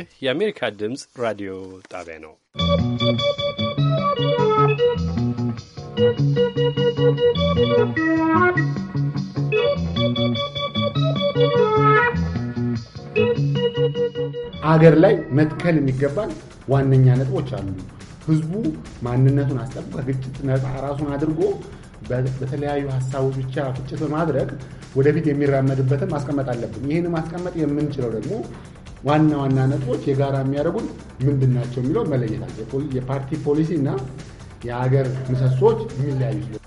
ይህ የአሜሪካ ድምፅ ራዲዮ ጣቢያ ነው። አገር ላይ መትከል የሚገባል ዋነኛ ነጥቦች አሉ። ህዝቡ ማንነቱን አስጠብቆ ከግጭት ነጻ ራሱን አድርጎ በተለያዩ ሀሳቦች ብቻ ፍጭት በማድረግ ወደፊት የሚራመድበትን ማስቀመጥ አለብን። ይህን ማስቀመጥ የምንችለው ደግሞ ዋና ዋና ነጥቦች የጋራ የሚያደርጉን ምንድን ናቸው የሚለው መለየታቸው የፓርቲ ፖሊሲ እና የሀገር ምሰሶዎች የሚለያዩ ስለ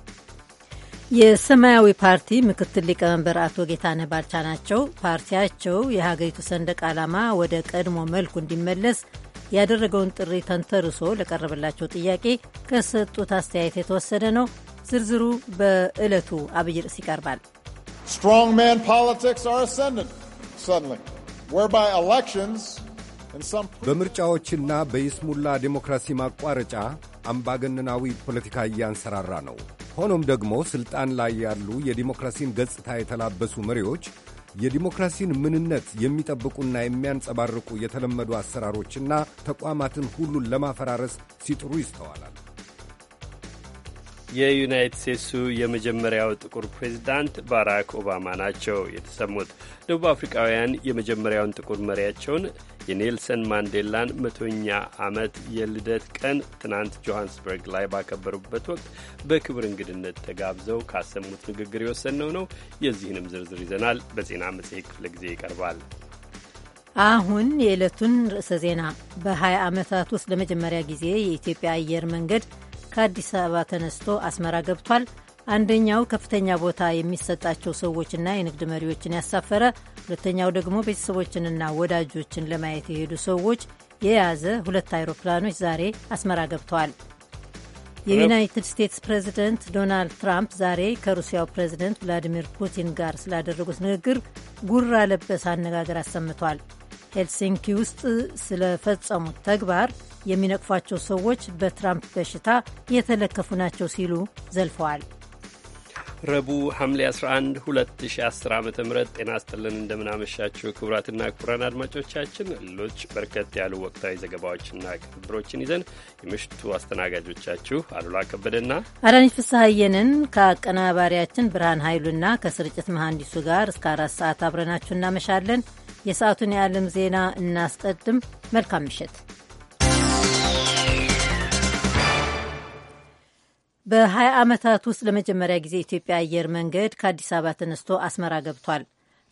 የሰማያዊ ፓርቲ ምክትል ሊቀመንበር አቶ ጌታነህ ባልቻ ናቸው። ፓርቲያቸው የሀገሪቱ ሰንደቅ ዓላማ ወደ ቀድሞ መልኩ እንዲመለስ ያደረገውን ጥሪ ተንተርሶ ለቀረበላቸው ጥያቄ ከሰጡት አስተያየት የተወሰደ ነው። ዝርዝሩ በዕለቱ አብይ ርዕስ ይቀርባል። ስትሮንግ ማን ፖለቲክስ አር አሰንደንት ሰድንሊ በምርጫዎችና በይስሙላ ዴሞክራሲ ማቋረጫ አምባገነናዊ ፖለቲካ እያንሰራራ ነው። ሆኖም ደግሞ ሥልጣን ላይ ያሉ የዲሞክራሲን ገጽታ የተላበሱ መሪዎች የዲሞክራሲን ምንነት የሚጠብቁና የሚያንጸባርቁ የተለመዱ አሰራሮችና ተቋማትን ሁሉን ለማፈራረስ ሲጥሩ ይስተዋላል። የዩናይትድ ስቴትሱ የመጀመሪያው ጥቁር ፕሬዚዳንት ባራክ ኦባማ ናቸው የተሰሙት። ደቡብ አፍሪካውያን የመጀመሪያውን ጥቁር መሪያቸውን የኔልሰን ማንዴላን መቶኛ ዓመት የልደት ቀን ትናንት ጆሃንስበርግ ላይ ባከበሩበት ወቅት በክብር እንግድነት ተጋብዘው ካሰሙት ንግግር የወሰነው ነው። የዚህንም ዝርዝር ይዘናል። በዜና መጽሔት ክፍለ ጊዜ ይቀርባል። አሁን የዕለቱን ርዕሰ ዜና በ20 ዓመታት ውስጥ ለመጀመሪያ ጊዜ የኢትዮጵያ አየር መንገድ ከአዲስ አበባ ተነስቶ አስመራ ገብቷል። አንደኛው ከፍተኛ ቦታ የሚሰጣቸው ሰዎችና የንግድ መሪዎችን ያሳፈረ፣ ሁለተኛው ደግሞ ቤተሰቦችንና ወዳጆችን ለማየት የሄዱ ሰዎች የያዘ ሁለት አይሮፕላኖች ዛሬ አስመራ ገብተዋል። የዩናይትድ ስቴትስ ፕሬዚደንት ዶናልድ ትራምፕ ዛሬ ከሩሲያው ፕሬዚደንት ቭላዲሚር ፑቲን ጋር ስላደረጉት ንግግር ጉራ ለበሰ አነጋገር አሰምቷል። ሄልሲንኪ ውስጥ ስለፈጸሙት ተግባር የሚነቅፏቸው ሰዎች በትራምፕ በሽታ የተለከፉ ናቸው ሲሉ ዘልፈዋል። ረቡዕ ሐምሌ 11 2010 ዓ ም ጤና ስጥልን እንደምናመሻችሁ ክቡራትና ክቡራን አድማጮቻችን ሌሎች በርከት ያሉ ወቅታዊ ዘገባዎችና ቅንብሮችን ይዘን የምሽቱ አስተናጋጆቻችሁ አሉላ ከበደና አዳነች ፍስሐየንን ከአቀናባሪያችን ብርሃን ኃይሉና ከስርጭት መሐንዲሱ ጋር እስከ አራት ሰዓት አብረናችሁ እናመሻለን። የሰዓቱን የዓለም ዜና እናስቀድም። መልካም ምሽት። በ20 ዓመታት ውስጥ ለመጀመሪያ ጊዜ የኢትዮጵያ አየር መንገድ ከአዲስ አበባ ተነስቶ አስመራ ገብቷል።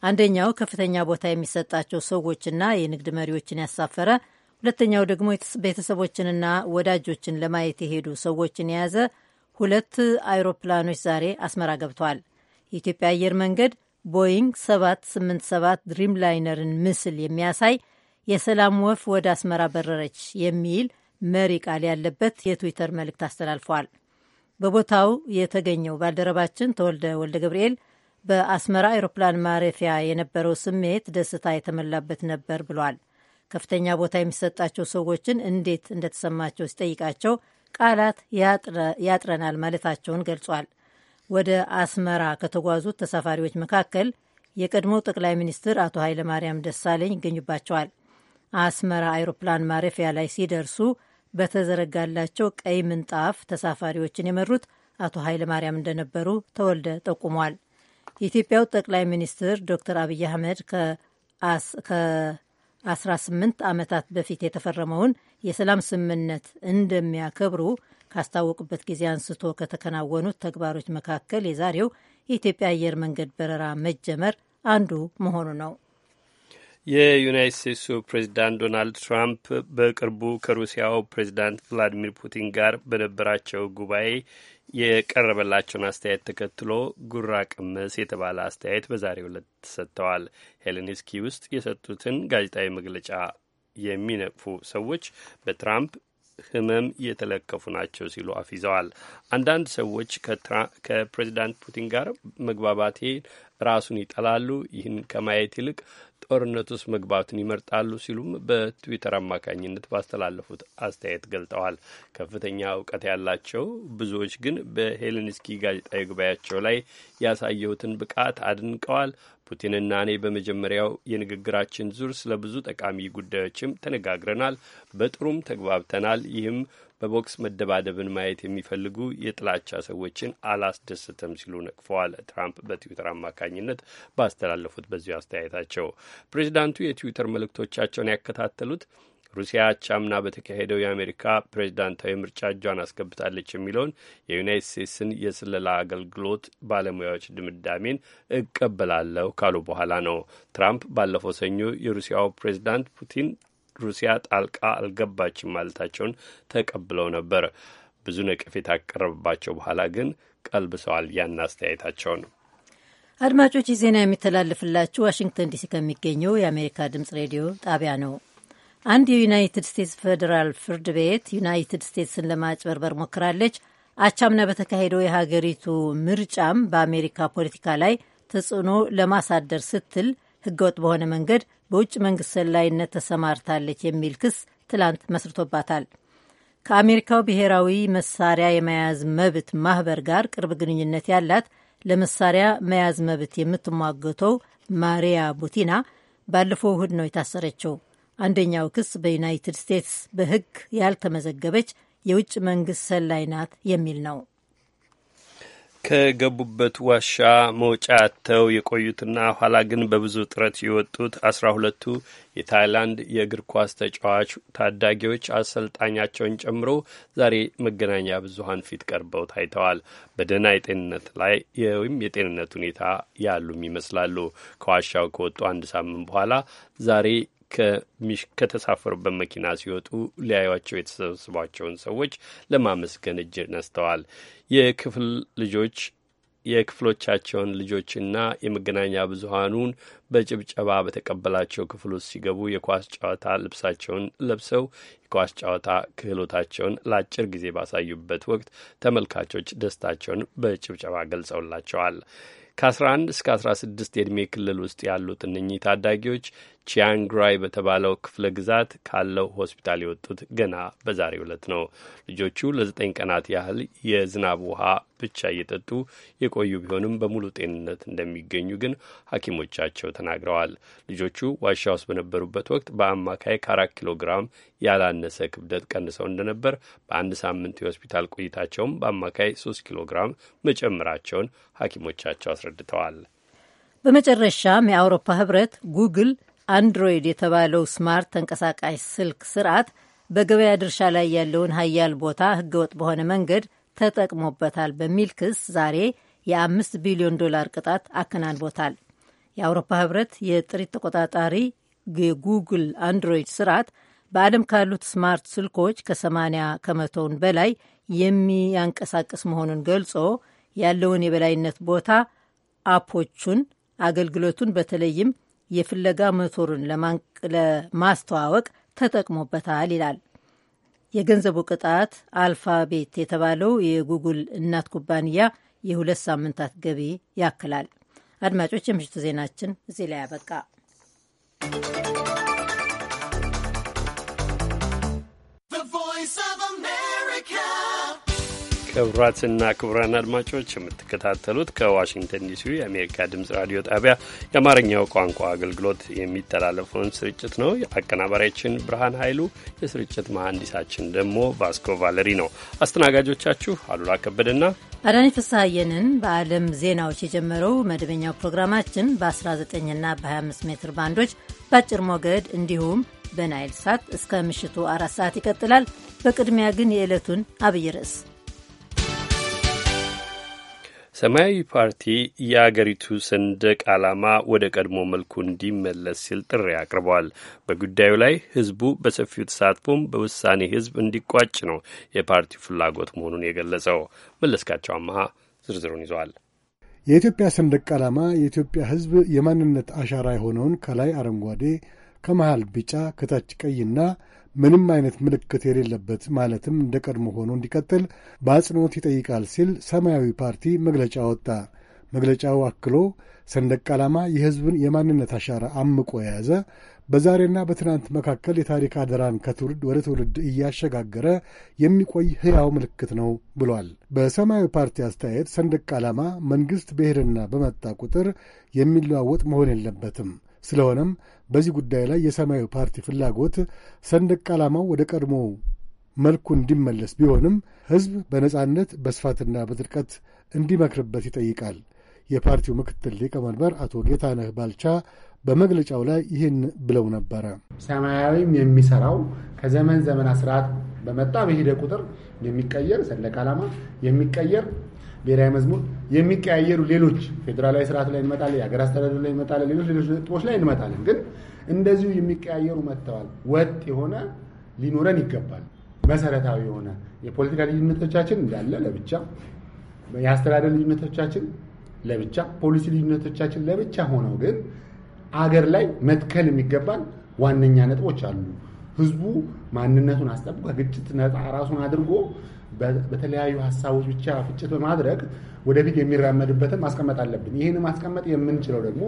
አንደኛው ከፍተኛ ቦታ የሚሰጣቸው ሰዎችና የንግድ መሪዎችን ያሳፈረ፣ ሁለተኛው ደግሞ ቤተሰቦችንና ወዳጆችን ለማየት የሄዱ ሰዎችን የያዘ ሁለት አይሮፕላኖች ዛሬ አስመራ ገብተዋል። የኢትዮጵያ አየር መንገድ ቦይንግ 787 ድሪም ላይነርን ምስል የሚያሳይ የሰላም ወፍ ወደ አስመራ በረረች የሚል መሪ ቃል ያለበት የትዊተር መልእክት አስተላልፈዋል። በቦታው የተገኘው ባልደረባችን ተወልደ ወልደ ገብርኤል በአስመራ አውሮፕላን ማረፊያ የነበረው ስሜት ደስታ የተሞላበት ነበር ብሏል። ከፍተኛ ቦታ የሚሰጣቸው ሰዎችን እንዴት እንደተሰማቸው ሲጠይቃቸው ቃላት ያጥረናል ማለታቸውን ገልጿል። ወደ አስመራ ከተጓዙት ተሳፋሪዎች መካከል የቀድሞ ጠቅላይ ሚኒስትር አቶ ኃይለማርያም ደሳለኝ ይገኙባቸዋል። አስመራ አውሮፕላን ማረፊያ ላይ ሲደርሱ በተዘረጋላቸው ቀይ ምንጣፍ ተሳፋሪዎችን የመሩት አቶ ኃይለ ማርያም እንደነበሩ ተወልደ ጠቁሟል። የኢትዮጵያው ጠቅላይ ሚኒስትር ዶክተር አብይ አህመድ ከ18 ዓመታት በፊት የተፈረመውን የሰላም ስምምነት እንደሚያከብሩ ካስታወቁበት ጊዜ አንስቶ ከተከናወኑት ተግባሮች መካከል የዛሬው የኢትዮጵያ አየር መንገድ በረራ መጀመር አንዱ መሆኑ ነው። የዩናይት ስቴትሱ ፕሬዚዳንት ዶናልድ ትራምፕ በቅርቡ ከሩሲያው ፕሬዚዳንት ቭላዲሚር ፑቲን ጋር በነበራቸው ጉባኤ የቀረበላቸውን አስተያየት ተከትሎ ጉራ ቅመስ የተባለ አስተያየት በዛሬው ዕለት ተሰጥተዋል። ሄሌንስኪ ውስጥ የሰጡትን ጋዜጣዊ መግለጫ የሚነቅፉ ሰዎች በትራምፕ ህመም የተለከፉ ናቸው ሲሉ አፊዘዋል። አንዳንድ ሰዎች ከፕሬዚዳንት ፑቲን ጋር መግባባቴ ራሱን ይጠላሉ። ይህን ከማየት ይልቅ ጦርነት ውስጥ መግባቱን ይመርጣሉ ሲሉም በትዊተር አማካኝነት ባስተላለፉት አስተያየት ገልጠዋል። ከፍተኛ እውቀት ያላቸው ብዙዎች ግን በሄሌንስኪ ጋዜጣዊ ጉባኤያቸው ላይ ያሳየሁትን ብቃት አድንቀዋል። ፑቲንና እኔ በመጀመሪያው የንግግራችን ዙር ስለ ብዙ ጠቃሚ ጉዳዮችም ተነጋግረናል፣ በጥሩም ተግባብተናል። ይህም በቦክስ መደባደብን ማየት የሚፈልጉ የጥላቻ ሰዎችን አላስደስትም ሲሉ ነቅፈዋል። ትራምፕ በትዊተር አማካኝነት ባስተላለፉት በዚሁ አስተያየታቸው ፕሬዚዳንቱ የትዊተር መልእክቶቻቸውን ያከታተሉት ሩሲያ አቻምና በተካሄደው የአሜሪካ ፕሬዚዳንታዊ ምርጫ እጇን አስገብታለች የሚለውን የዩናይት ስቴትስን የስለላ አገልግሎት ባለሙያዎች ድምዳሜን እቀበላለሁ ካሉ በኋላ ነው። ትራምፕ ባለፈው ሰኞ የሩሲያው ፕሬዚዳንት ፑቲን ሩሲያ ጣልቃ አልገባችም ማለታቸውን ተቀብለው ነበር። ብዙ ነቀፌታ ካቀረበባቸው በኋላ ግን ቀልብሰዋል ያን አስተያየታቸውን። አድማጮች ዜና የሚተላለፍላችሁ ዋሽንግተን ዲሲ ከሚገኘው የአሜሪካ ድምጽ ሬዲዮ ጣቢያ ነው። አንድ የዩናይትድ ስቴትስ ፌዴራል ፍርድ ቤት ዩናይትድ ስቴትስን ለማጭበርበር ሞክራለች፣ አቻምና በተካሄደው የሀገሪቱ ምርጫም በአሜሪካ ፖለቲካ ላይ ተጽዕኖ ለማሳደር ስትል ህገወጥ በሆነ መንገድ በውጭ መንግስት ሰላይነት ተሰማርታለች የሚል ክስ ትላንት መስርቶባታል። ከአሜሪካው ብሔራዊ መሳሪያ የመያዝ መብት ማህበር ጋር ቅርብ ግንኙነት ያላት ለመሳሪያ መያዝ መብት የምትሟገተው ማሪያ ቡቲና ባለፈው እሁድ ነው የታሰረችው። አንደኛው ክስ በዩናይትድ ስቴትስ በሕግ ያልተመዘገበች የውጭ መንግስት ሰላይ ናት የሚል ነው። ከገቡበት ዋሻ መውጫ አጥተው የቆዩትና ኋላ ግን በብዙ ጥረት የወጡት አስራ ሁለቱ የታይላንድ የእግር ኳስ ተጫዋች ታዳጊዎች አሰልጣኛቸውን ጨምሮ ዛሬ መገናኛ ብዙኃን ፊት ቀርበው ታይተዋል። በደህና የጤንነት ላይ ወይም የጤንነት ሁኔታ ያሉም ይመስላሉ። ከዋሻው ከወጡ አንድ ሳምንት በኋላ ዛሬ ከተሳፈሩበት መኪና ሲወጡ ሊያዩቸው የተሰበሰቧቸውን ሰዎች ለማመስገን እጅ ነስተዋል። የክፍል ልጆች የክፍሎቻቸውን ልጆችና የመገናኛ ብዙሀኑን በጭብጨባ በተቀበላቸው ክፍል ውስጥ ሲገቡ የኳስ ጨዋታ ልብሳቸውን ለብሰው የኳስ ጨዋታ ክህሎታቸውን ለአጭር ጊዜ ባሳዩበት ወቅት ተመልካቾች ደስታቸውን በጭብጨባ ገልጸውላቸዋል። ከ11 እስከ 16 የዕድሜ ክልል ውስጥ ያሉት እነኚህ ታዳጊዎች ቺያንግራይ በተባለው ክፍለ ግዛት ካለው ሆስፒታል የወጡት ገና በዛሬው ዕለት ነው። ልጆቹ ለዘጠኝ ቀናት ያህል የዝናብ ውሃ ብቻ እየጠጡ የቆዩ ቢሆንም በሙሉ ጤንነት እንደሚገኙ ግን ሐኪሞቻቸው ተናግረዋል። ልጆቹ ዋሻ ውስጥ በነበሩበት ወቅት በአማካይ ከአራት ኪሎ ግራም ያላነሰ ክብደት ቀንሰው እንደነበር፣ በአንድ ሳምንት የሆስፒታል ቆይታቸውም በአማካይ ሶስት ኪሎ ግራም መጨመራቸውን ሐኪሞቻቸው አስረድተዋል። በመጨረሻም የአውሮፓ ህብረት ጉግል አንድሮይድ የተባለው ስማርት ተንቀሳቃሽ ስልክ ስርዓት በገበያ ድርሻ ላይ ያለውን ሀያል ቦታ ህገወጥ በሆነ መንገድ ተጠቅሞበታል በሚል ክስ ዛሬ የአምስት ቢሊዮን ዶላር ቅጣት አከናንቦታል። የአውሮፓ ህብረት የጥሪት ተቆጣጣሪ የጉግል አንድሮይድ ስርዓት በዓለም ካሉት ስማርት ስልኮች ከ80 ከመቶውን በላይ የሚያንቀሳቅስ መሆኑን ገልጾ ያለውን የበላይነት ቦታ አፖቹን፣ አገልግሎቱን በተለይም የፍለጋ ሞተሩን ለማስተዋወቅ ተጠቅሞበታል ይላል። የገንዘቡ ቅጣት አልፋቤት የተባለው የጉግል እናት ኩባንያ የሁለት ሳምንታት ገቢ ያክላል። አድማጮች፣ የምሽቱ ዜናችን እዚህ ላይ you. ክቡራትና ክቡራን አድማጮች የምትከታተሉት ከዋሽንግተን ዲሲ የአሜሪካ ድምጽ ራዲዮ ጣቢያ የአማርኛው ቋንቋ አገልግሎት የሚተላለፈውን ስርጭት ነው። አቀናባሪያችን ብርሃን ኃይሉ፣ የስርጭት መሐንዲሳችን ደግሞ ቫስኮ ቫለሪ ነው። አስተናጋጆቻችሁ አሉላ ከበደና አዳነች ፍስሐየንን በዓለም ዜናዎች የጀመረው መደበኛው ፕሮግራማችን በ19ና በ25 ሜትር ባንዶች በአጭር ሞገድ እንዲሁም በናይል ሳት እስከ ምሽቱ አራት ሰዓት ይቀጥላል። በቅድሚያ ግን የዕለቱን አብይ ርዕስ ሰማያዊ ፓርቲ የአገሪቱ ሰንደቅ ዓላማ ወደ ቀድሞ መልኩ እንዲመለስ ሲል ጥሪ አቅርቧል። በጉዳዩ ላይ ህዝቡ በሰፊው ተሳትፎም በውሳኔ ህዝብ እንዲቋጭ ነው የፓርቲው ፍላጎት መሆኑን የገለጸው። መለስካቸው አመሃ ዝርዝሩን ይዘዋል። የኢትዮጵያ ሰንደቅ ዓላማ የኢትዮጵያ ህዝብ የማንነት አሻራ የሆነውን ከላይ አረንጓዴ፣ ከመሃል ቢጫ፣ ከታች ቀይና ምንም አይነት ምልክት የሌለበት ማለትም እንደ ቀድሞ ሆኖ እንዲቀጥል በአጽንኦት ይጠይቃል ሲል ሰማያዊ ፓርቲ መግለጫ ወጣ። መግለጫው አክሎ ሰንደቅ ዓላማ የሕዝብን የማንነት አሻራ አምቆ የያዘ በዛሬና በትናንት መካከል የታሪክ አደራን ከትውልድ ወደ ትውልድ እያሸጋገረ የሚቆይ ሕያው ምልክት ነው ብሏል። በሰማያዊ ፓርቲ አስተያየት ሰንደቅ ዓላማ መንግሥት ብሔርና በመጣ ቁጥር የሚለዋወጥ መሆን የለበትም። ስለሆነም በዚህ ጉዳይ ላይ የሰማያዊ ፓርቲ ፍላጎት ሰንደቅ ዓላማው ወደ ቀድሞ መልኩ እንዲመለስ ቢሆንም ሕዝብ በነጻነት በስፋትና በጥልቀት እንዲመክርበት ይጠይቃል። የፓርቲው ምክትል ሊቀመንበር አቶ ጌታነህ ባልቻ በመግለጫው ላይ ይህን ብለው ነበረ። ሰማያዊም የሚሰራው ከዘመን ዘመን ስርዓት በመጣ በሄደ ቁጥር የሚቀየር ሰንደቅ ዓላማ የሚቀየር ብሔራዊ መዝሙር የሚቀያየሩ ሌሎች ፌዴራላዊ ስርዓት ላይ እንመጣለን፣ የሀገር አስተዳደሩ ላይ እንመጣለን፣ ሌሎች ሌሎች ነጥቦች ላይ እንመጣለን። ግን እንደዚሁ የሚቀያየሩ መጥተዋል። ወጥ የሆነ ሊኖረን ይገባል። መሰረታዊ የሆነ የፖለቲካ ልዩነቶቻችን እንዳለ ለብቻ፣ የአስተዳደር ልዩነቶቻችን ለብቻ፣ ፖሊሲ ልዩነቶቻችን ለብቻ ሆነው ግን አገር ላይ መትከል የሚገባን ዋነኛ ነጥቦች አሉ። ህዝቡ ማንነቱን አስጠብቆ ከግጭት ነፃ ራሱን አድርጎ በተለያዩ ሀሳቦች ብቻ ፍጭት በማድረግ ወደፊት የሚራመድበትን ማስቀመጥ አለብን። ይህን ማስቀመጥ የምንችለው ደግሞ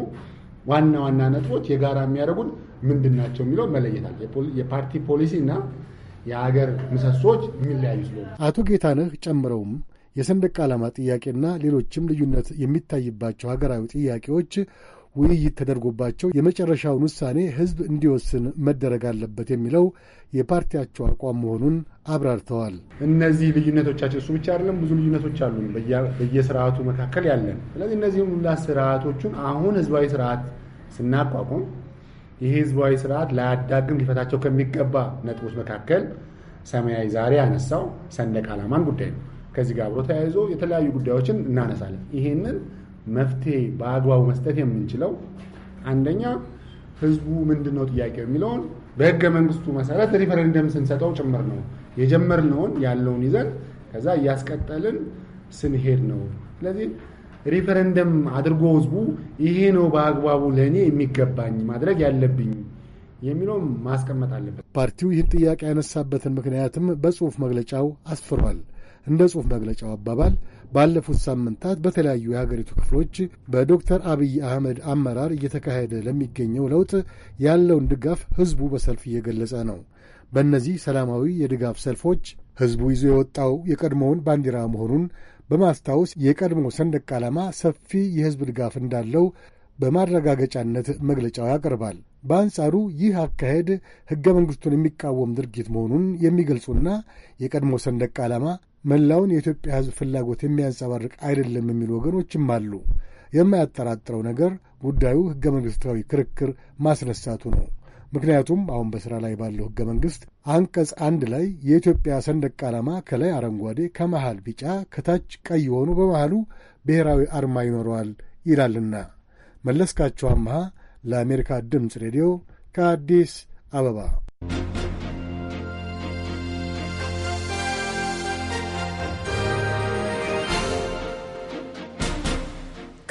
ዋና ዋና ነጥቦች የጋራ የሚያደርጉን ምንድን ናቸው የሚለው መለየታል። የፓርቲ ፖሊሲ እና የሀገር ምሰሶች የሚለያዩ ስለሆነ አቶ ጌታነህ ጨምረውም የሰንደቅ ዓላማ ጥያቄና ሌሎችም ልዩነት የሚታይባቸው ሀገራዊ ጥያቄዎች ውይይት ተደርጎባቸው የመጨረሻውን ውሳኔ ህዝብ እንዲወስን መደረግ አለበት የሚለው የፓርቲያቸው አቋም መሆኑን አብራርተዋል። እነዚህ ልዩነቶቻችን እሱ ብቻ አይደለም፣ ብዙ ልዩነቶች አሉ በየስርዓቱ መካከል ያለን። ስለዚህ እነዚህ ሁላ ስርዓቶቹን አሁን ህዝባዊ ስርዓት ስናቋቁም ይህ ህዝባዊ ስርዓት ላያዳግም ሊፈታቸው ከሚገባ ነጥቦች መካከል ሰማያዊ ዛሬ ያነሳው ሰንደቅ ዓላማን ጉዳይ ነው። ከዚህ ጋር አብሮ ተያይዞ የተለያዩ ጉዳዮችን እናነሳለን። ይህንን መፍትሄ በአግባቡ መስጠት የምንችለው አንደኛ ህዝቡ ምንድን ነው ጥያቄው የሚለውን በህገ መንግስቱ መሰረት ሪፈረንደም ስንሰጠው ጭምር ነው የጀመርነውን ያለውን ይዘን ከዛ እያስቀጠልን ስንሄድ ነው። ስለዚህ ሪፈረንደም አድርጎ ህዝቡ ይሄ ነው በአግባቡ ለእኔ የሚገባኝ ማድረግ ያለብኝ የሚለውም ማስቀመጥ አለበት። ፓርቲው ይህን ጥያቄ ያነሳበትን ምክንያትም በጽሁፍ መግለጫው አስፍሯል። እንደ ጽሁፍ መግለጫው አባባል ባለፉት ሳምንታት በተለያዩ የሀገሪቱ ክፍሎች በዶክተር አብይ አህመድ አመራር እየተካሄደ ለሚገኘው ለውጥ ያለውን ድጋፍ ሕዝቡ በሰልፍ እየገለጸ ነው። በእነዚህ ሰላማዊ የድጋፍ ሰልፎች ሕዝቡ ይዞ የወጣው የቀድሞውን ባንዲራ መሆኑን በማስታወስ የቀድሞ ሰንደቅ ዓላማ ሰፊ የሕዝብ ድጋፍ እንዳለው በማረጋገጫነት መግለጫው ያቀርባል። በአንጻሩ ይህ አካሄድ ሕገ መንግሥቱን የሚቃወም ድርጊት መሆኑን የሚገልጹና የቀድሞ ሰንደቅ ዓላማ መላውን የኢትዮጵያ ሕዝብ ፍላጎት የሚያንጸባርቅ አይደለም የሚሉ ወገኖችም አሉ። የማያጠራጥረው ነገር ጉዳዩ ሕገ መንግሥታዊ ክርክር ማስነሳቱ ነው። ምክንያቱም አሁን በሥራ ላይ ባለው ሕገ መንግሥት አንቀጽ አንድ ላይ የኢትዮጵያ ሰንደቅ ዓላማ ከላይ አረንጓዴ፣ ከመሃል ቢጫ፣ ከታች ቀይ የሆኑ በመሃሉ ብሔራዊ አርማ ይኖረዋል ይላልና። መለስካቸው አመሃ ለአሜሪካ ድምፅ ሬዲዮ ከአዲስ አበባ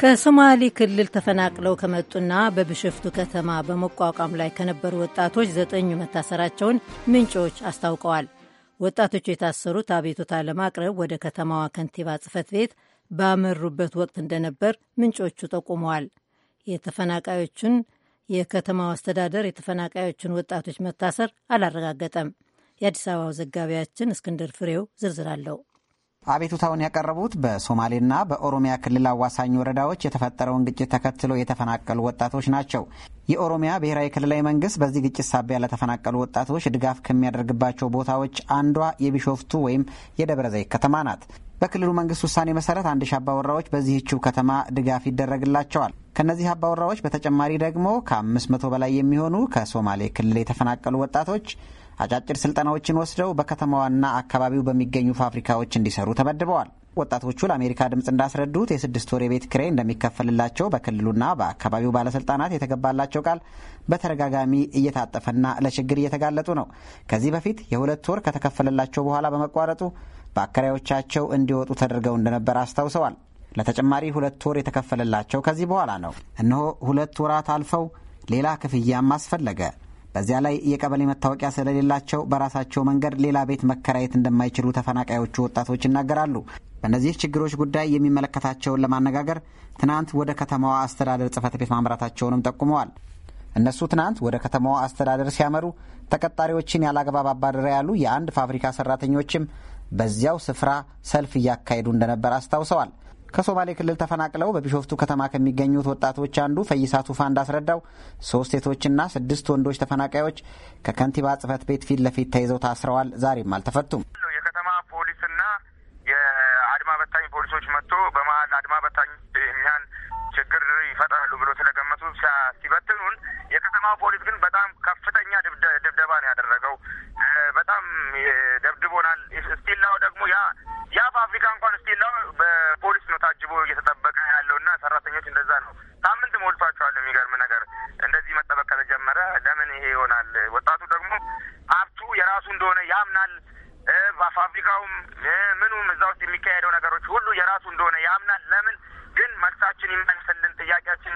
ከሶማሌ ክልል ተፈናቅለው ከመጡና በብሸፍቱ ከተማ በመቋቋም ላይ ከነበሩ ወጣቶች ዘጠኙ መታሰራቸውን ምንጮች አስታውቀዋል። ወጣቶቹ የታሰሩት አቤቱታ ለማቅረብ ወደ ከተማዋ ከንቲባ ጽፈት ቤት ባመሩበት ወቅት እንደነበር ምንጮቹ ጠቁመዋል። የተፈናቃዮቹን የከተማው አስተዳደር የተፈናቃዮቹን ወጣቶች መታሰር አላረጋገጠም። የአዲስ አበባው ዘጋቢያችን እስክንድር ፍሬው ዝርዝር አለው። አቤቱታውን ያቀረቡት በሶማሌና በኦሮሚያ ክልል አዋሳኝ ወረዳዎች የተፈጠረውን ግጭት ተከትሎ የተፈናቀሉ ወጣቶች ናቸው። የኦሮሚያ ብሔራዊ ክልላዊ መንግስት በዚህ ግጭት ሳቢያ ለተፈናቀሉ ወጣቶች ድጋፍ ከሚያደርግባቸው ቦታዎች አንዷ የቢሾፍቱ ወይም የደብረ ዘይት ከተማ ናት። በክልሉ መንግስት ውሳኔ መሰረት አንድ ሺ አባወራዎች በዚህችው ከተማ ድጋፍ ይደረግላቸዋል። ከእነዚህ አባወራዎች በተጨማሪ ደግሞ ከአምስት መቶ በላይ የሚሆኑ ከሶማሌ ክልል የተፈናቀሉ ወጣቶች አጫጭር ስልጠናዎችን ወስደው በከተማዋና አካባቢው በሚገኙ ፋብሪካዎች እንዲሰሩ ተመድበዋል። ወጣቶቹ ለአሜሪካ ድምፅ እንዳስረዱት የስድስት ወር የቤት ክሬ እንደሚከፈልላቸው በክልሉና በአካባቢው ባለስልጣናት የተገባላቸው ቃል በተደጋጋሚ እየታጠፈና ለችግር እየተጋለጡ ነው። ከዚህ በፊት የሁለት ወር ከተከፈለላቸው በኋላ በመቋረጡ በአከራዮቻቸው እንዲወጡ ተደርገው እንደነበር አስታውሰዋል። ለተጨማሪ ሁለት ወር የተከፈለላቸው ከዚህ በኋላ ነው። እነሆ ሁለት ወራት አልፈው ሌላ ክፍያም አስፈለገ። በዚያ ላይ የቀበሌ መታወቂያ ስለሌላቸው በራሳቸው መንገድ ሌላ ቤት መከራየት እንደማይችሉ ተፈናቃዮቹ ወጣቶች ይናገራሉ። በእነዚህ ችግሮች ጉዳይ የሚመለከታቸውን ለማነጋገር ትናንት ወደ ከተማዋ አስተዳደር ጽፈት ቤት ማምራታቸውንም ጠቁመዋል። እነሱ ትናንት ወደ ከተማዋ አስተዳደር ሲያመሩ ተቀጣሪዎችን ያላግባብ አባረረ ያሉ የአንድ ፋብሪካ ሰራተኞችም በዚያው ስፍራ ሰልፍ እያካሄዱ እንደነበር አስታውሰዋል። ከሶማሌ ክልል ተፈናቅለው በቢሾፍቱ ከተማ ከሚገኙት ወጣቶች አንዱ ፈይሳ ቱፋ እንዳስረዳው ሶስት ሴቶችና ስድስት ወንዶች ተፈናቃዮች ከከንቲባ ጽሕፈት ቤት ፊት ለፊት ተይዘው ታስረዋል። ዛሬም አልተፈቱም። የከተማ ፖሊስና የአድማ በታኝ ፖሊሶች መጥቶ በመሀል አድማ በታኝ ችግር ይፈጥራሉ ብሎ ስለገመቱ ሲበትኑን፣ የከተማው ፖሊስ ግን በጣም ከፍተኛ ድብደባ ነው ያደረገው። በጣም ደብድቦናል። ስቲላው ደግሞ ያ ያ ፋብሪካ እንኳን ስቲላው በፖሊስ ነው ታጅቦ እየተጠበቀ ያለው እና ሰራተኞች እንደዛ ነው። ሳምንት ሞልቷቸዋል። የሚገርም ነገር እንደዚህ መጠበቅ ከተጀመረ ለምን ይሄ ይሆናል? ወጣቱ ደግሞ ሀብቱ የራሱ እንደሆነ ያምናል። ፋብሪካውም ምኑም እዛ ውስጥ የሚካሄደው ነገሮች ሁሉ የራሱ እንደሆነ ያምናል። ለምን ግን መልሳችን ይመልስልን፣ ጥያቄያችን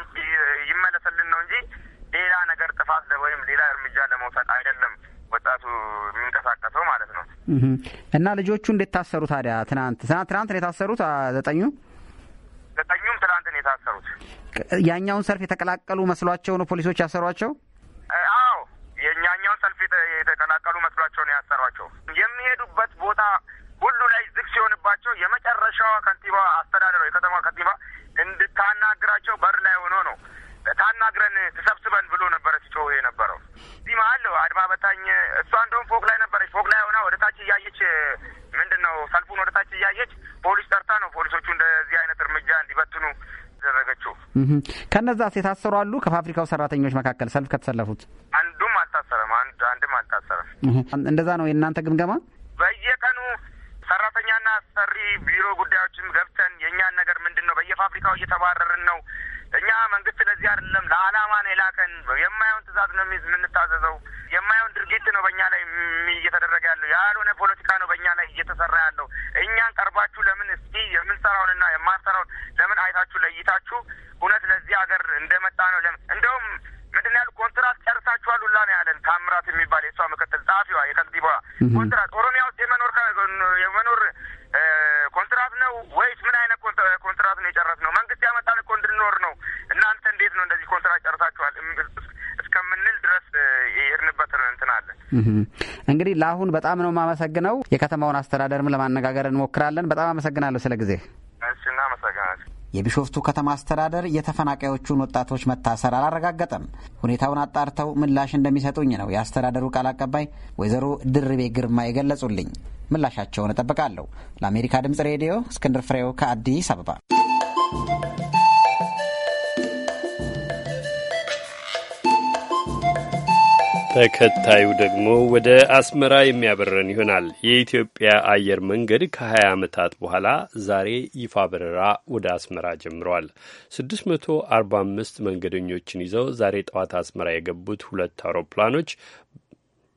ይመለስልን ነው እንጂ ሌላ ነገር ጥፋት ወይም ሌላ እርምጃ ለመውሰድ አይደለም ወጣቱ የሚንቀሳቀሰው ማለት ነው። እና ልጆቹ እንዴት ታሰሩ ታዲያ? ትናንት ትናንት ነው የታሰሩት ዘጠኙ ዘጠኙም ትናንት ነው የታሰሩት። ያኛውን ሰልፍ የተቀላቀሉ መስሏቸው ነው ፖሊሶች ያሰሯቸው። አዎ የእኛኛውን ሰልፍ የተቀላቀሉ መስሏቸው ነው ያሰሯቸው። የሚሄዱበት ቦታ ሁሉ ላይ ዝግ ሲሆንባቸው የመጨረሻዋ ከንቲባ አስተዳደሩ የከተማ ከንቲባ እንድታናግራቸው በር ላይ ሆኖ ነው ታናግረን ተሰብስበን ብሎ ነበረ ሲጮህ የነበረው። እዚህ መሀል አድማ በታኝ እሷ እንደውም ፎቅ ላይ ነበረች። ፎቅ ላይ ሆና ወደ ታች እያየች ምንድን ነው ሰልፉን ወደ ታች እያየች ፖሊስ ጠርታ ነው ፖሊሶቹ እንደዚህ አይነት እርምጃ እንዲበትኑ ያደረገችው። ከነዛ የታሰሩ አሉ? ከፋብሪካው ሰራተኞች መካከል ሰልፍ ከተሰለፉት አንዱም አልታሰረም። አንድ አንድም አልታሰረም። እንደዛ ነው የእናንተ ግምገማ? በየቀኑ ሰራተኛና ሰሪ ቢሮ ጉዳዮችም ገብተን የእኛን ነገር ምንድን ነው በየፋብሪካው እየተባረርን ነው። እኛ መንግስት ለዚህ አይደለም ለአላማ ነው የላከን። የማየውን ትእዛዝ ነው የምንታዘዘው። የማየውን ድርጊት ነው በእኛ ላይ እየተደረገ ያለው። ያልሆነ ፖለቲካ ነው በእኛ ላይ እየተሰራ ያለው። እኛን ቀርባችሁ ለምን እስቲ የምንሰራውንና የማንሰራውን ለምን አይታችሁ ለይታችሁ እውነት ለዚህ ሀገር እንደመጣ ነው ለምን እንደውም ምንድን ያሉ ኮንትራት ጨርሳችኋል ሁላ ነው ያለን ታምራት የሚባል የእሷ ምክትል ጸሐፊዋ የከንቲባዋ ኮንትራት እንግዲህ ለአሁን በጣም ነው የማመሰግነው። የከተማውን አስተዳደርም ለማነጋገር እንሞክራለን። በጣም አመሰግናለሁ ስለ ጊዜ። የቢሾፍቱ ከተማ አስተዳደር የተፈናቃዮቹን ወጣቶች መታሰር አላረጋገጠም። ሁኔታውን አጣርተው ምላሽ እንደሚሰጡኝ ነው የአስተዳደሩ ቃል አቀባይ ወይዘሮ ድርቤ ግርማ የገለጹልኝ። ምላሻቸውን እጠብቃለሁ። ለአሜሪካ ድምጽ ሬዲዮ እስክንድር ፍሬው ከአዲስ አበባ ተከታዩ ደግሞ ወደ አስመራ የሚያበረን ይሆናል። የኢትዮጵያ አየር መንገድ ከ20 ዓመታት በኋላ ዛሬ ይፋ በረራ ወደ አስመራ ጀምረዋል። 645 መንገደኞችን ይዘው ዛሬ ጠዋት አስመራ የገቡት ሁለት አውሮፕላኖች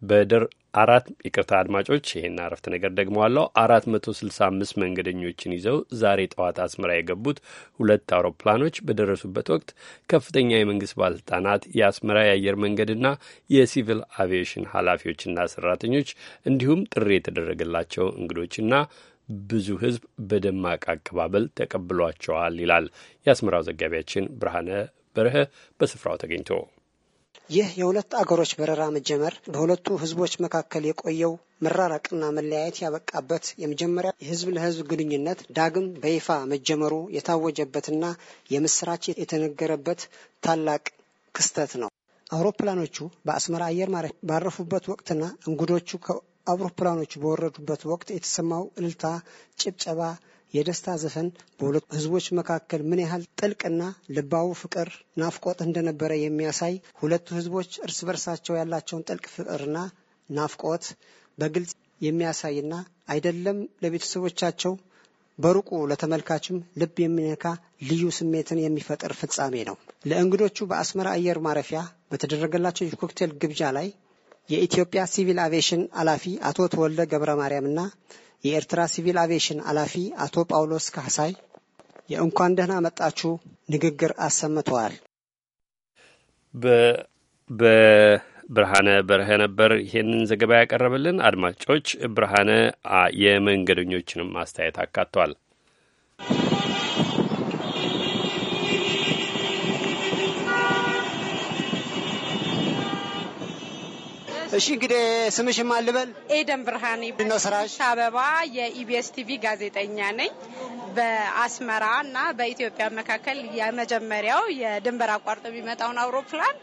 በድር አራት ይቅርታ አድማጮች ይህን አረፍተ ነገር ደግሞ አለው አራት መቶ ስልሳ አምስት መንገደኞችን ይዘው ዛሬ ጠዋት አስመራ የገቡት ሁለት አውሮፕላኖች በደረሱበት ወቅት ከፍተኛ የመንግስት ባለስልጣናት የአስመራ የአየር መንገድና የሲቪል አቪዬሽን ኃላፊዎችና ሰራተኞች እንዲሁም ጥሪ የተደረገላቸው እንግዶችና ብዙ ህዝብ በደማቅ አቀባበል ተቀብሏቸዋል ይላል የአስመራው ዘጋቢያችን ብርሃነ በረኸ በስፍራው ተገኝቶ ይህ የሁለት አገሮች በረራ መጀመር በሁለቱ ህዝቦች መካከል የቆየው መራራቅና መለያየት ያበቃበት የመጀመሪያ የህዝብ ለህዝብ ግንኙነት ዳግም በይፋ መጀመሩ የታወጀበትና የምስራች የተነገረበት ታላቅ ክስተት ነው። አውሮፕላኖቹ በአስመራ አየር ማረፊያ ባረፉበት ወቅትና እንግዶቹ ከአውሮፕላኖቹ በወረዱበት ወቅት የተሰማው እልልታ፣ ጭብጨባ የደስታ ዘፈን በሁለቱ ህዝቦች መካከል ምን ያህል ጥልቅና ልባዊ ፍቅር፣ ናፍቆት እንደነበረ የሚያሳይ ሁለቱ ህዝቦች እርስ በርሳቸው ያላቸውን ጥልቅ ፍቅርና ናፍቆት በግልጽ የሚያሳይና አይደለም ለቤተሰቦቻቸው በሩቁ ለተመልካችም ልብ የሚነካ ልዩ ስሜትን የሚፈጥር ፍጻሜ ነው። ለእንግዶቹ በአስመራ አየር ማረፊያ በተደረገላቸው የኮክቴል ግብዣ ላይ የኢትዮጵያ ሲቪል አቪዬሽን ኃላፊ አቶ ተወልደ ገብረ ማርያምና የኤርትራ ሲቪል አቪዬሽን ኃላፊ አቶ ጳውሎስ ካሳይ የእንኳን ደህና መጣችሁ ንግግር አሰምተዋል። በብርሃነ በርሀ ነበር ይህንን ዘገባ ያቀረበልን። አድማጮች፣ ብርሃነ የመንገደኞችንም አስተያየት አካቷል። እሺ እንግዲህ ስምሽ ማን ልበል? ኤደን ብርሃኔ ነው ስራሽ? አበባ የኢቢኤስ ቲቪ ጋዜጠኛ ነኝ። በአስመራ እና በኢትዮጵያ መካከል የመጀመሪያው የድንበር አቋርጦ የሚመጣውን አውሮፕላን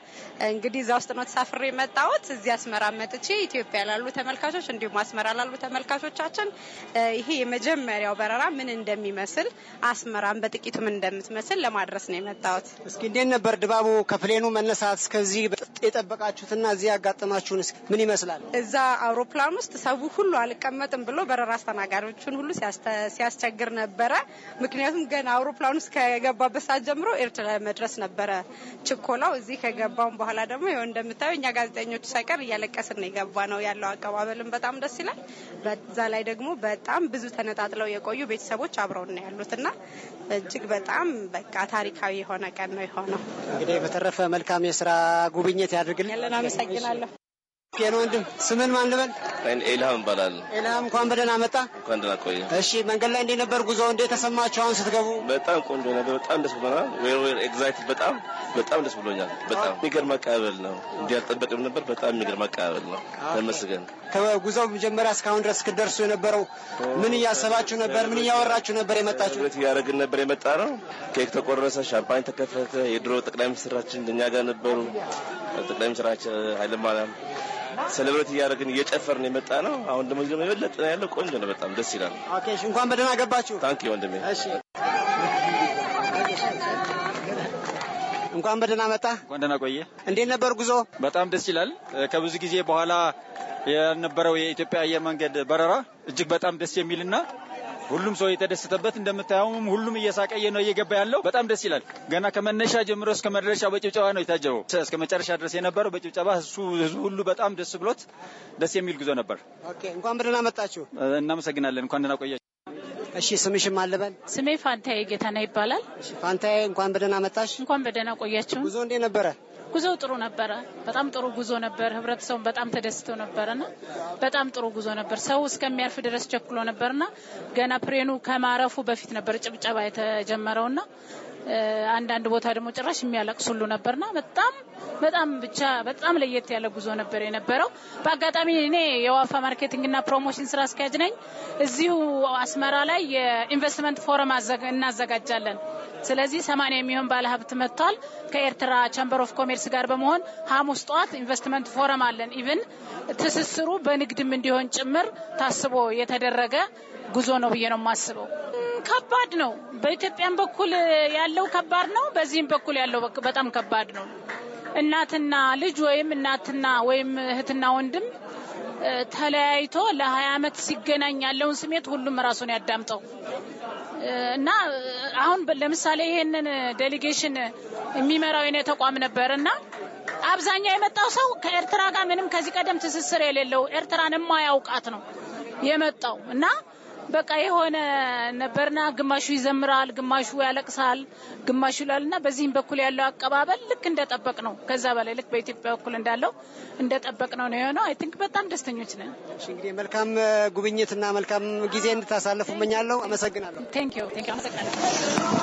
እንግዲህ እዛ ውስጥ ነው ተሳፍሬ የመጣሁት። እዚህ አስመራ መጥቼ ኢትዮጵያ ላሉ ተመልካቾች እንዲሁም አስመራ ላሉ ተመልካቾቻችን ይሄ የመጀመሪያው በረራ ምን እንደሚመስል አስመራን በጥቂቱ ምን እንደምትመስል ለማድረስ ነው የመጣሁት። እስኪ እንዴት ነበር ድባቡ ከፕሌኑ መነሳት እስከዚህ የጠበቃችሁትና እዚህ ያጋጠማችሁን እስኪ ምን ይመስላል? እዛ አውሮፕላን ውስጥ ሰው ሁሉ አልቀመጥም ብሎ በረራ አስተናጋሪዎችን ሁሉ ሲያስቸግር ነበረ። ምክንያቱም ገና አውሮፕላን ውስጥ ከገባበት ሰዓት ጀምሮ ኤርትራ መድረስ ነበረ ችኮላው። እዚህ ከገባውን በኋላ ደግሞ ይኸው እንደምታየው እኛ ጋዜጠኞቹ ሳይቀር እያለቀስን ነው የገባ ነው ያለው። አቀባበልም በጣም ደስ ይላል። በዛ ላይ ደግሞ በጣም ብዙ ተነጣጥለው የቆዩ ቤተሰቦች አብረው ነው ያሉት እና እጅግ በጣም በቃ ታሪካዊ የሆነ ቀን ነው የሆነው። እንግዲህ በተረፈ መልካም የስራ ጉብኝት ያድርግልን። አመሰግናለሁ። ጤና ወንድም፣ ስምን ማን ልበል? ኤልሃም እባላለሁ። ኤልሃም እንኳን በደህና መጣ። እንኳን ደህና ቆየ። እሺ፣ መንገድ ላይ እንዴት ነበር ጉዞ? እንዴት ተሰማችሁ አሁን ስትገቡ? በጣም ቆንጆ ነበር። በጣም ደስ ብሎናል። ዌር ዌር ኤግዛይት በጣም በጣም ደስ ብሎኛል። በጣም የሚገርም አቀባበል ነው። እንዲህ አልጠበቅም ነበር። በጣም የሚገርም አቀባበል ነው። ተመስገን። ከጉዞው መጀመሪያ እስካሁን ድረስ እስክደርሱ የነበረው ምን እያሰባችሁ ነበር? ምን እያወራችሁ ነበር የመጣችሁ? እያደረግን ነበር የመጣ ነው። ኬክ ተቆረሰ፣ ሻምፓኝ ተከፈተ። የድሮ ጠቅላይ ሚኒስትራችን እኛ ጋር ነበሩ። ጠቅላይ ሚኒስትራችን ኃይለማርያም ሴሌብሬት እያደረግን እየጨፈርን የመጣ ነው። አሁን ደግሞ ደግሞ ነው ያለው ቆንጆ ነው። በጣም ደስ ይላል። ኦኬ፣ እንኳን በደህና ገባችሁ። ታንክ ወንድሜ። እሺ፣ እንኳን በደህና መጣ። እንኳን ደህና ቆየ። እንዴት ነበር ጉዞ? በጣም ደስ ይላል። ከብዙ ጊዜ በኋላ የነበረው የኢትዮጵያ አየር መንገድ በረራ እጅግ በጣም ደስ የሚልና ሁሉም ሰው የተደሰተበት እንደምታየውም ሁሉም እየሳቀየ ነው እየገባ ያለው። በጣም ደስ ይላል። ገና ከመነሻ ጀምሮ እስከ መድረሻ በጭብጨባ ነው የታጀበው። እስከ መጨረሻ ድረስ የነበረው በጭብጨባ እሱ ህዝቡ ሁሉ በጣም ደስ ብሎት ደስ የሚል ጉዞ ነበር። እንኳን በደህና መጣችሁ። እናመሰግናለን። እንኳን ደህና ቆያችሁ። እሺ ስምሽ ማን ስሜ ፋንታዬ ጌታና ይባላል። ፋንታዬ እንኳን በደህና መጣሽ። እንኳን በደህና ቆያችሁ። ጉዞ እንዴት ነበረ? ጉዞው ጥሩ ነበረ። በጣም ጥሩ ጉዞ ነበር። ህብረተሰቡ በጣም ተደስቶ ነበርና በጣም ጥሩ ጉዞ ነበር። ሰው እስከሚያርፍ ድረስ ቸኩሎ ነበርና ገና ፕሬኑ ከማረፉ በፊት ነበር ጭብጨባ የተጀመረውና አንዳንድ ቦታ ደግሞ ጭራሽ የሚያለቅሱ ሁሉ ነበርና በጣም በጣም ብቻ በጣም ለየት ያለ ጉዞ ነበር የነበረው። በአጋጣሚ እኔ የዋፋ ማርኬቲንግና ፕሮሞሽን ስራ አስኪያጅ ነኝ። እዚሁ አስመራ ላይ የኢንቨስትመንት ፎረም እናዘጋጃለን። ስለዚህ ሰማንያ የሚሆን ባለሀብት መጥቷል። ከኤርትራ ቻምበር ኦፍ ኮሜርስ ጋር በመሆን ሐሙስ ጠዋት ኢንቨስትመንት ፎረም አለን። ኢቭን ትስስሩ በንግድም እንዲሆን ጭምር ታስቦ የተደረገ ጉዞ ነው ብዬ ነው የማስበው። ከባድ ነው። በኢትዮጵያም በኩል ያለው ከባድ ነው። በዚህም በኩል ያለው በጣም ከባድ ነው። እናትና ልጅ ወይም እናትና ወይም እህትና ወንድም ተለያይቶ ለሀያ አመት ሲገናኝ ያለውን ስሜት ሁሉም ራሱን ያዳምጠው እና አሁን ለምሳሌ ይሄንን ዴሊጌሽን የሚመራው የኔ ተቋም ነበር እና አብዛኛው የመጣው ሰው ከኤርትራ ጋር ምንም ከዚህ ቀደም ትስስር የሌለው ኤርትራን የማያውቃት ነው የመጣው እና በቃ የሆነ ነበርና ግማሹ ይዘምራል፣ ግማሹ ያለቅሳል፣ ግማሹ ይላል እና በዚህም በኩል ያለው አቀባበል ልክ እንደጠበቅ ነው። ከዛ በላይ ልክ በኢትዮጵያ በኩል እንዳለው እንደጠበቅ ነው ነው የሆነው። አይ ቲንክ በጣም ደስተኞች ነን። እንግዲህ መልካም ጉብኝት እና መልካም ጊዜ እንድታሳልፉ እመኛለሁ። አመሰግናለሁ። ቴንክ ዩ ቴንክ ዩ አመሰግናለሁ።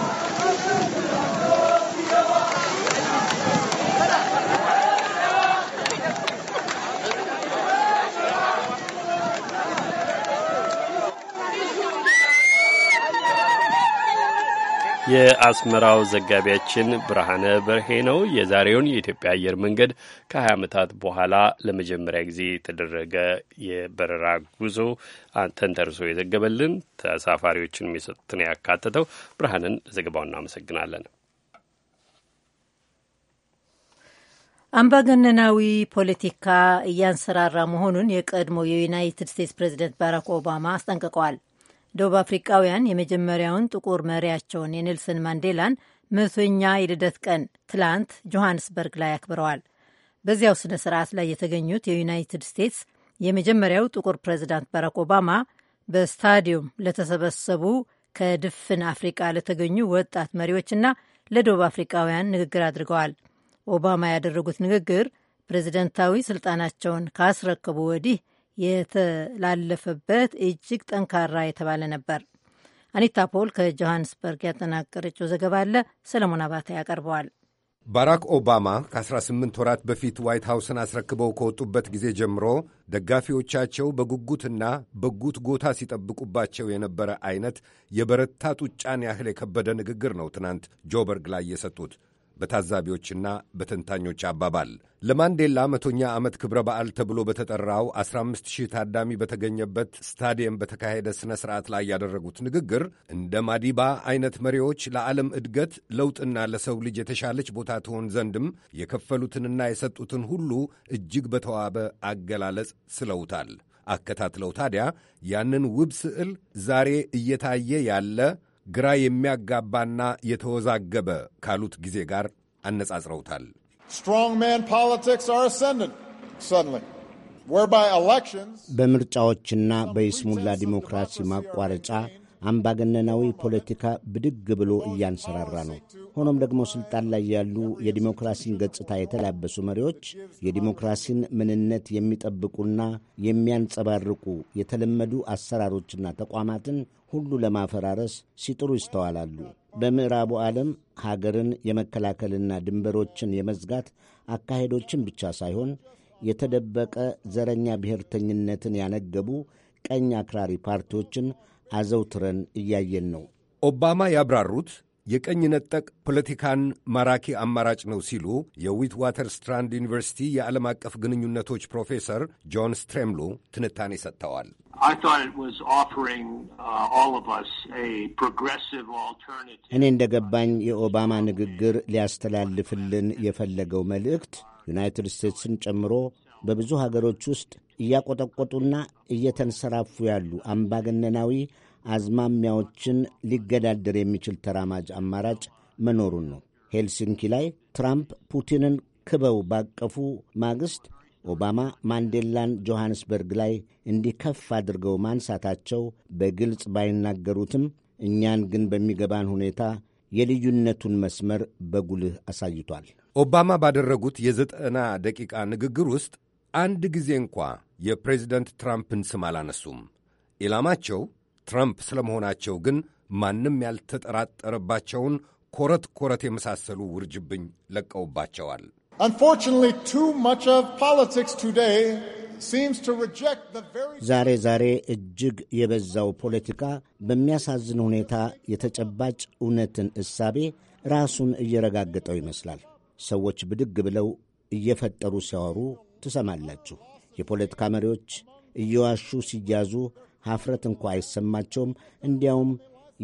የአስመራው ዘጋቢያችን ብርሃነ በርሄ ነው። የዛሬውን የኢትዮጵያ አየር መንገድ ከ20 ዓመታት በኋላ ለመጀመሪያ ጊዜ የተደረገ የበረራ ጉዞ ተንተርሶ የዘገበልን ተሳፋሪዎችን የሚሰጡትን ያካተተው ብርሃንን ዘገባው እናመሰግናለን። አምባገነናዊ ፖለቲካ እያንሰራራ መሆኑን የቀድሞ የዩናይትድ ስቴትስ ፕሬዚደንት ባራክ ኦባማ አስጠንቅቀዋል። ደቡብ አፍሪቃውያን የመጀመሪያውን ጥቁር መሪያቸውን የኔልሰን ማንዴላን መቶኛ የልደት ቀን ትላንት ጆሃንስበርግ ላይ አክብረዋል። በዚያው ስነ ስርዓት ላይ የተገኙት የዩናይትድ ስቴትስ የመጀመሪያው ጥቁር ፕሬዚዳንት ባራክ ኦባማ በስታዲየም ለተሰበሰቡ ከድፍን አፍሪቃ ለተገኙ ወጣት መሪዎችና ለደቡብ አፍሪቃውያን ንግግር አድርገዋል። ኦባማ ያደረጉት ንግግር ፕሬዚደንታዊ ስልጣናቸውን ካስረከቡ ወዲህ የተላለፈበት እጅግ ጠንካራ የተባለ ነበር። አኒታ ፖል ከጆሃንስበርግ ያጠናቀረችው ዘገባ አለ። ሰለሞን አባታ ያቀርበዋል። ባራክ ኦባማ ከ18 ወራት በፊት ዋይት ሃውስን አስረክበው ከወጡበት ጊዜ ጀምሮ ደጋፊዎቻቸው በጉጉትና በጉት ጎታ ሲጠብቁባቸው የነበረ አይነት የበረታ ጡጫን ያህል የከበደ ንግግር ነው ትናንት ጆበርግ ላይ የሰጡት። በታዛቢዎችና በተንታኞች አባባል ለማንዴላ መቶኛ ዓመት ክብረ በዓል ተብሎ በተጠራው ሺህ ታዳሚ በተገኘበት ስታዲየም በተካሄደ ሥነ ሥርዓት ላይ ያደረጉት ንግግር እንደ ማዲባ አይነት መሪዎች ለዓለም እድገት ለውጥና ለሰው ልጅ የተሻለች ቦታ ትሆን ዘንድም የከፈሉትንና የሰጡትን ሁሉ እጅግ በተዋበ አገላለጽ ስለውታል። አከታትለው ታዲያ ያንን ውብ ስዕል ዛሬ እየታየ ያለ ግራ የሚያጋባና የተወዛገበ ካሉት ጊዜ ጋር አነጻጽረውታል። በምርጫዎችና በይስሙላ ዲሞክራሲ ማቋረጫ አምባገነናዊ ፖለቲካ ብድግ ብሎ እያንሰራራ ነው። ሆኖም ደግሞ ሥልጣን ላይ ያሉ የዲሞክራሲን ገጽታ የተላበሱ መሪዎች የዲሞክራሲን ምንነት የሚጠብቁና የሚያንጸባርቁ የተለመዱ አሰራሮችና ተቋማትን ሁሉ ለማፈራረስ ሲጥሩ ይስተዋላሉ። በምዕራቡ ዓለም ሀገርን የመከላከልና ድንበሮችን የመዝጋት አካሄዶችን ብቻ ሳይሆን የተደበቀ ዘረኛ ብሔርተኝነትን ያነገቡ ቀኝ አክራሪ ፓርቲዎችን አዘውትረን እያየን ነው። ኦባማ ያብራሩት የቀኝ ነጠቅ ፖለቲካን ማራኪ አማራጭ ነው ሲሉ የዊት ዋተር ስትራንድ ዩኒቨርሲቲ የዓለም አቀፍ ግንኙነቶች ፕሮፌሰር ጆን ስትሬምሎ ትንታኔ ሰጥተዋል። uh, እኔ እንደ ገባኝ የኦባማ ንግግር ሊያስተላልፍልን የፈለገው መልእክት ዩናይትድ ስቴትስን ጨምሮ በብዙ ሀገሮች ውስጥ እያቆጠቆጡና እየተንሰራፉ ያሉ አምባገነናዊ አዝማሚያዎችን ሊገዳደር የሚችል ተራማጅ አማራጭ መኖሩን ነው። ሄልሲንኪ ላይ ትራምፕ ፑቲንን ክበው ባቀፉ ማግስት ኦባማ ማንዴላን ጆሐንስበርግ ላይ እንዲህ ከፍ አድርገው ማንሳታቸው በግልጽ ባይናገሩትም እኛን ግን በሚገባን ሁኔታ የልዩነቱን መስመር በጉልህ አሳይቷል። ኦባማ ባደረጉት የዘጠና ደቂቃ ንግግር ውስጥ አንድ ጊዜ እንኳ የፕሬዚደንት ትራምፕን ስም አላነሱም። ኢላማቸው ትራምፕ ስለመሆናቸው ግን ማንም ያልተጠራጠረባቸውን ኮረት ኮረት የመሳሰሉ ውርጅብኝ ለቀውባቸዋል። ዛሬ ዛሬ እጅግ የበዛው ፖለቲካ በሚያሳዝን ሁኔታ የተጨባጭ እውነትን እሳቤ ራሱን እየረጋገጠው ይመስላል። ሰዎች ብድግ ብለው እየፈጠሩ ሲያወሩ ትሰማላችሁ። የፖለቲካ መሪዎች እየዋሹ ሲያዙ ኀፍረት እንኳ አይሰማቸውም። እንዲያውም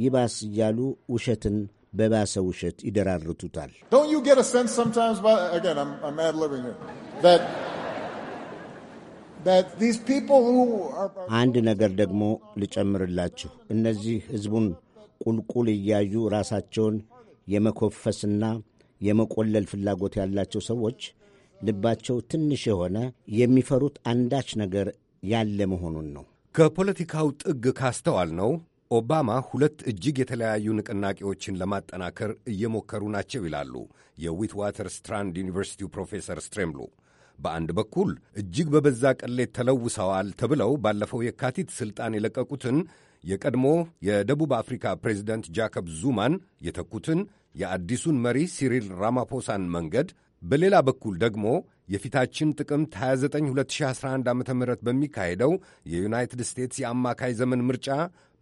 ይባስ እያሉ ውሸትን በባሰ ውሸት ይደራርቱታል። አንድ ነገር ደግሞ ልጨምርላችሁ። እነዚህ ሕዝቡን ቁልቁል እያዩ ራሳቸውን የመኮፈስና የመቆለል ፍላጎት ያላቸው ሰዎች ልባቸው ትንሽ የሆነ የሚፈሩት አንዳች ነገር ያለ መሆኑን ነው። ከፖለቲካው ጥግ ካስተዋል ነው ኦባማ ሁለት እጅግ የተለያዩ ንቅናቄዎችን ለማጠናከር እየሞከሩ ናቸው ይላሉ የዊት ዋተር ስትራንድ ዩኒቨርሲቲው ፕሮፌሰር ስትሬምሉ። በአንድ በኩል እጅግ በበዛ ቅሌት ተለውሰዋል ተብለው ባለፈው የካቲት ሥልጣን የለቀቁትን የቀድሞ የደቡብ አፍሪካ ፕሬዚደንት ጃከብ ዙማን የተኩትን የአዲሱን መሪ ሲሪል ራማፖሳን መንገድ በሌላ በኩል ደግሞ የፊታችን ጥቅምት 29 2011 ዓ ም በሚካሄደው የዩናይትድ ስቴትስ የአማካይ ዘመን ምርጫ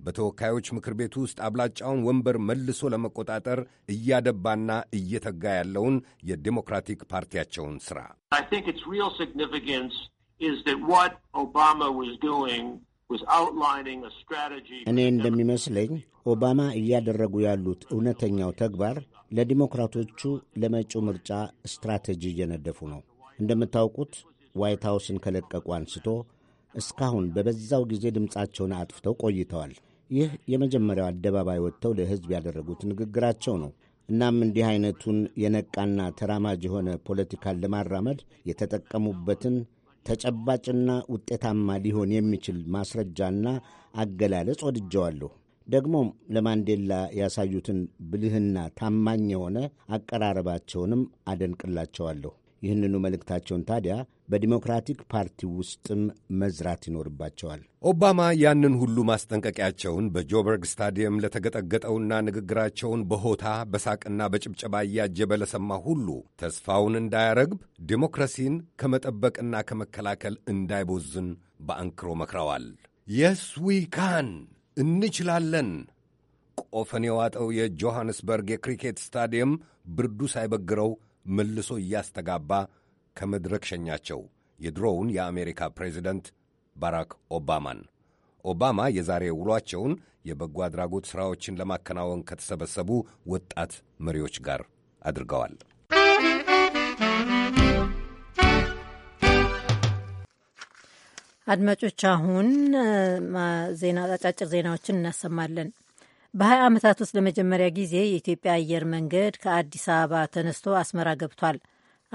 በተወካዮች ምክር ቤት ውስጥ አብላጫውን ወንበር መልሶ ለመቆጣጠር እያደባና እየተጋ ያለውን የዴሞክራቲክ ፓርቲያቸውን ሥራ እኔ እንደሚመስለኝ ኦባማ እያደረጉ ያሉት እውነተኛው ተግባር ለዲሞክራቶቹ ለመጪው ምርጫ ስትራቴጂ እየነደፉ ነው። እንደምታውቁት ዋይት ሃውስን ከለቀቁ አንስቶ እስካሁን በበዛው ጊዜ ድምፃቸውን አጥፍተው ቆይተዋል። ይህ የመጀመሪያው አደባባይ ወጥተው ለሕዝብ ያደረጉት ንግግራቸው ነው። እናም እንዲህ አይነቱን የነቃና ተራማጅ የሆነ ፖለቲካን ለማራመድ የተጠቀሙበትን ተጨባጭና ውጤታማ ሊሆን የሚችል ማስረጃና አገላለጽ ወድጀዋለሁ። ደግሞም ለማንዴላ ያሳዩትን ብልህና ታማኝ የሆነ አቀራረባቸውንም አደንቅላቸዋለሁ። ይህንኑ መልእክታቸውን ታዲያ በዲሞክራቲክ ፓርቲ ውስጥም መዝራት ይኖርባቸዋል። ኦባማ ያንን ሁሉ ማስጠንቀቂያቸውን በጆበርግ ስታዲየም ለተገጠገጠውና ንግግራቸውን በሆታ በሳቅና በጭብጨባ እያጀበ ለሰማ ሁሉ ተስፋውን እንዳያረግብ ዲሞክራሲን ከመጠበቅና ከመከላከል እንዳይቦዝን በአንክሮ መክረዋል። የስ ዊ ካን እንችላለን። ቆፈን የዋጠው የጆሐንስበርግ የክሪኬት ስታዲየም ብርዱ ሳይበግረው መልሶ እያስተጋባ ከመድረክ ሸኛቸው የድሮውን የአሜሪካ ፕሬዚደንት ባራክ ኦባማን። ኦባማ የዛሬ ውሏቸውን የበጎ አድራጎት ሥራዎችን ለማከናወን ከተሰበሰቡ ወጣት መሪዎች ጋር አድርገዋል። አድማጮች አሁን ዜና አጫጭር ዜናዎችን እናሰማለን። በሀያ ዓመታት ውስጥ ለመጀመሪያ ጊዜ የኢትዮጵያ አየር መንገድ ከአዲስ አበባ ተነስቶ አስመራ ገብቷል።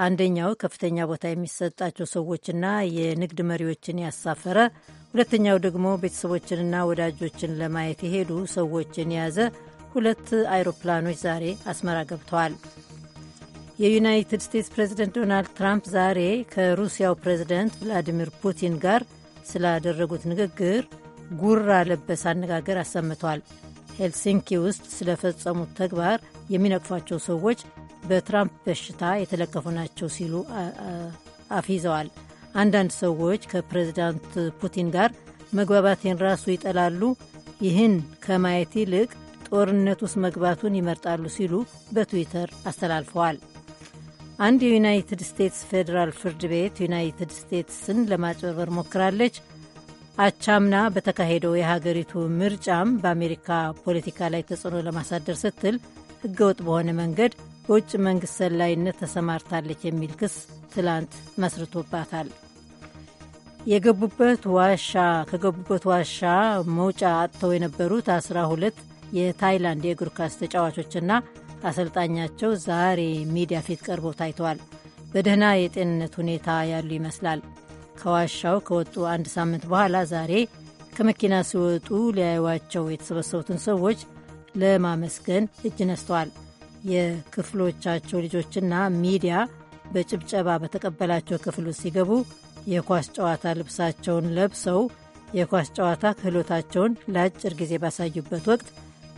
አንደኛው ከፍተኛ ቦታ የሚሰጣቸው ሰዎችና የንግድ መሪዎችን ያሳፈረ፣ ሁለተኛው ደግሞ ቤተሰቦችንና ወዳጆችን ለማየት የሄዱ ሰዎችን የያዘ ሁለት አይሮፕላኖች ዛሬ አስመራ ገብተዋል። የዩናይትድ ስቴትስ ፕሬዝደንት ዶናልድ ትራምፕ ዛሬ ከሩሲያው ፕሬዚደንት ቭላዲሚር ፑቲን ጋር ስላደረጉት ንግግር ጉራ ለበስ አነጋገር አሰምቷል። ሄልሲንኪ ውስጥ ስለፈጸሙት ተግባር የሚነቅፏቸው ሰዎች በትራምፕ በሽታ የተለከፉ ናቸው ሲሉ አፍይዘዋል። አንዳንድ ሰዎች ከፕሬዚዳንት ፑቲን ጋር መግባባቴን ራሱ ይጠላሉ፣ ይህን ከማየት ይልቅ ጦርነት ውስጥ መግባቱን ይመርጣሉ ሲሉ በትዊተር አስተላልፈዋል። አንድ የዩናይትድ ስቴትስ ፌዴራል ፍርድ ቤት ዩናይትድ ስቴትስን ለማጭበርበር ሞክራለች፣ አቻምና በተካሄደው የሀገሪቱ ምርጫም በአሜሪካ ፖለቲካ ላይ ተጽዕኖ ለማሳደር ስትል ህገወጥ በሆነ መንገድ በውጭ መንግሥት ሰላይነት ተሰማርታለች የሚል ክስ ትላንት መስርቶባታል። የገቡበት ዋሻ ከገቡበት ዋሻ መውጫ አጥተው የነበሩት አስራ ሁለት የታይላንድ የእግር ኳስ ተጫዋቾችና አሰልጣኛቸው ዛሬ ሚዲያ ፊት ቀርበው ታይተዋል። በደህና የጤንነት ሁኔታ ያሉ ይመስላል። ከዋሻው ከወጡ አንድ ሳምንት በኋላ ዛሬ ከመኪና ሲወጡ ሊያዩዋቸው የተሰበሰቡትን ሰዎች ለማመስገን እጅ ነስተዋል። የክፍሎቻቸው ልጆችና ሚዲያ በጭብጨባ በተቀበላቸው ውስጥ ሲገቡ የኳስ ጨዋታ ልብሳቸውን ለብሰው የኳስ ጨዋታ ክህሎታቸውን ለአጭር ጊዜ ባሳዩበት ወቅት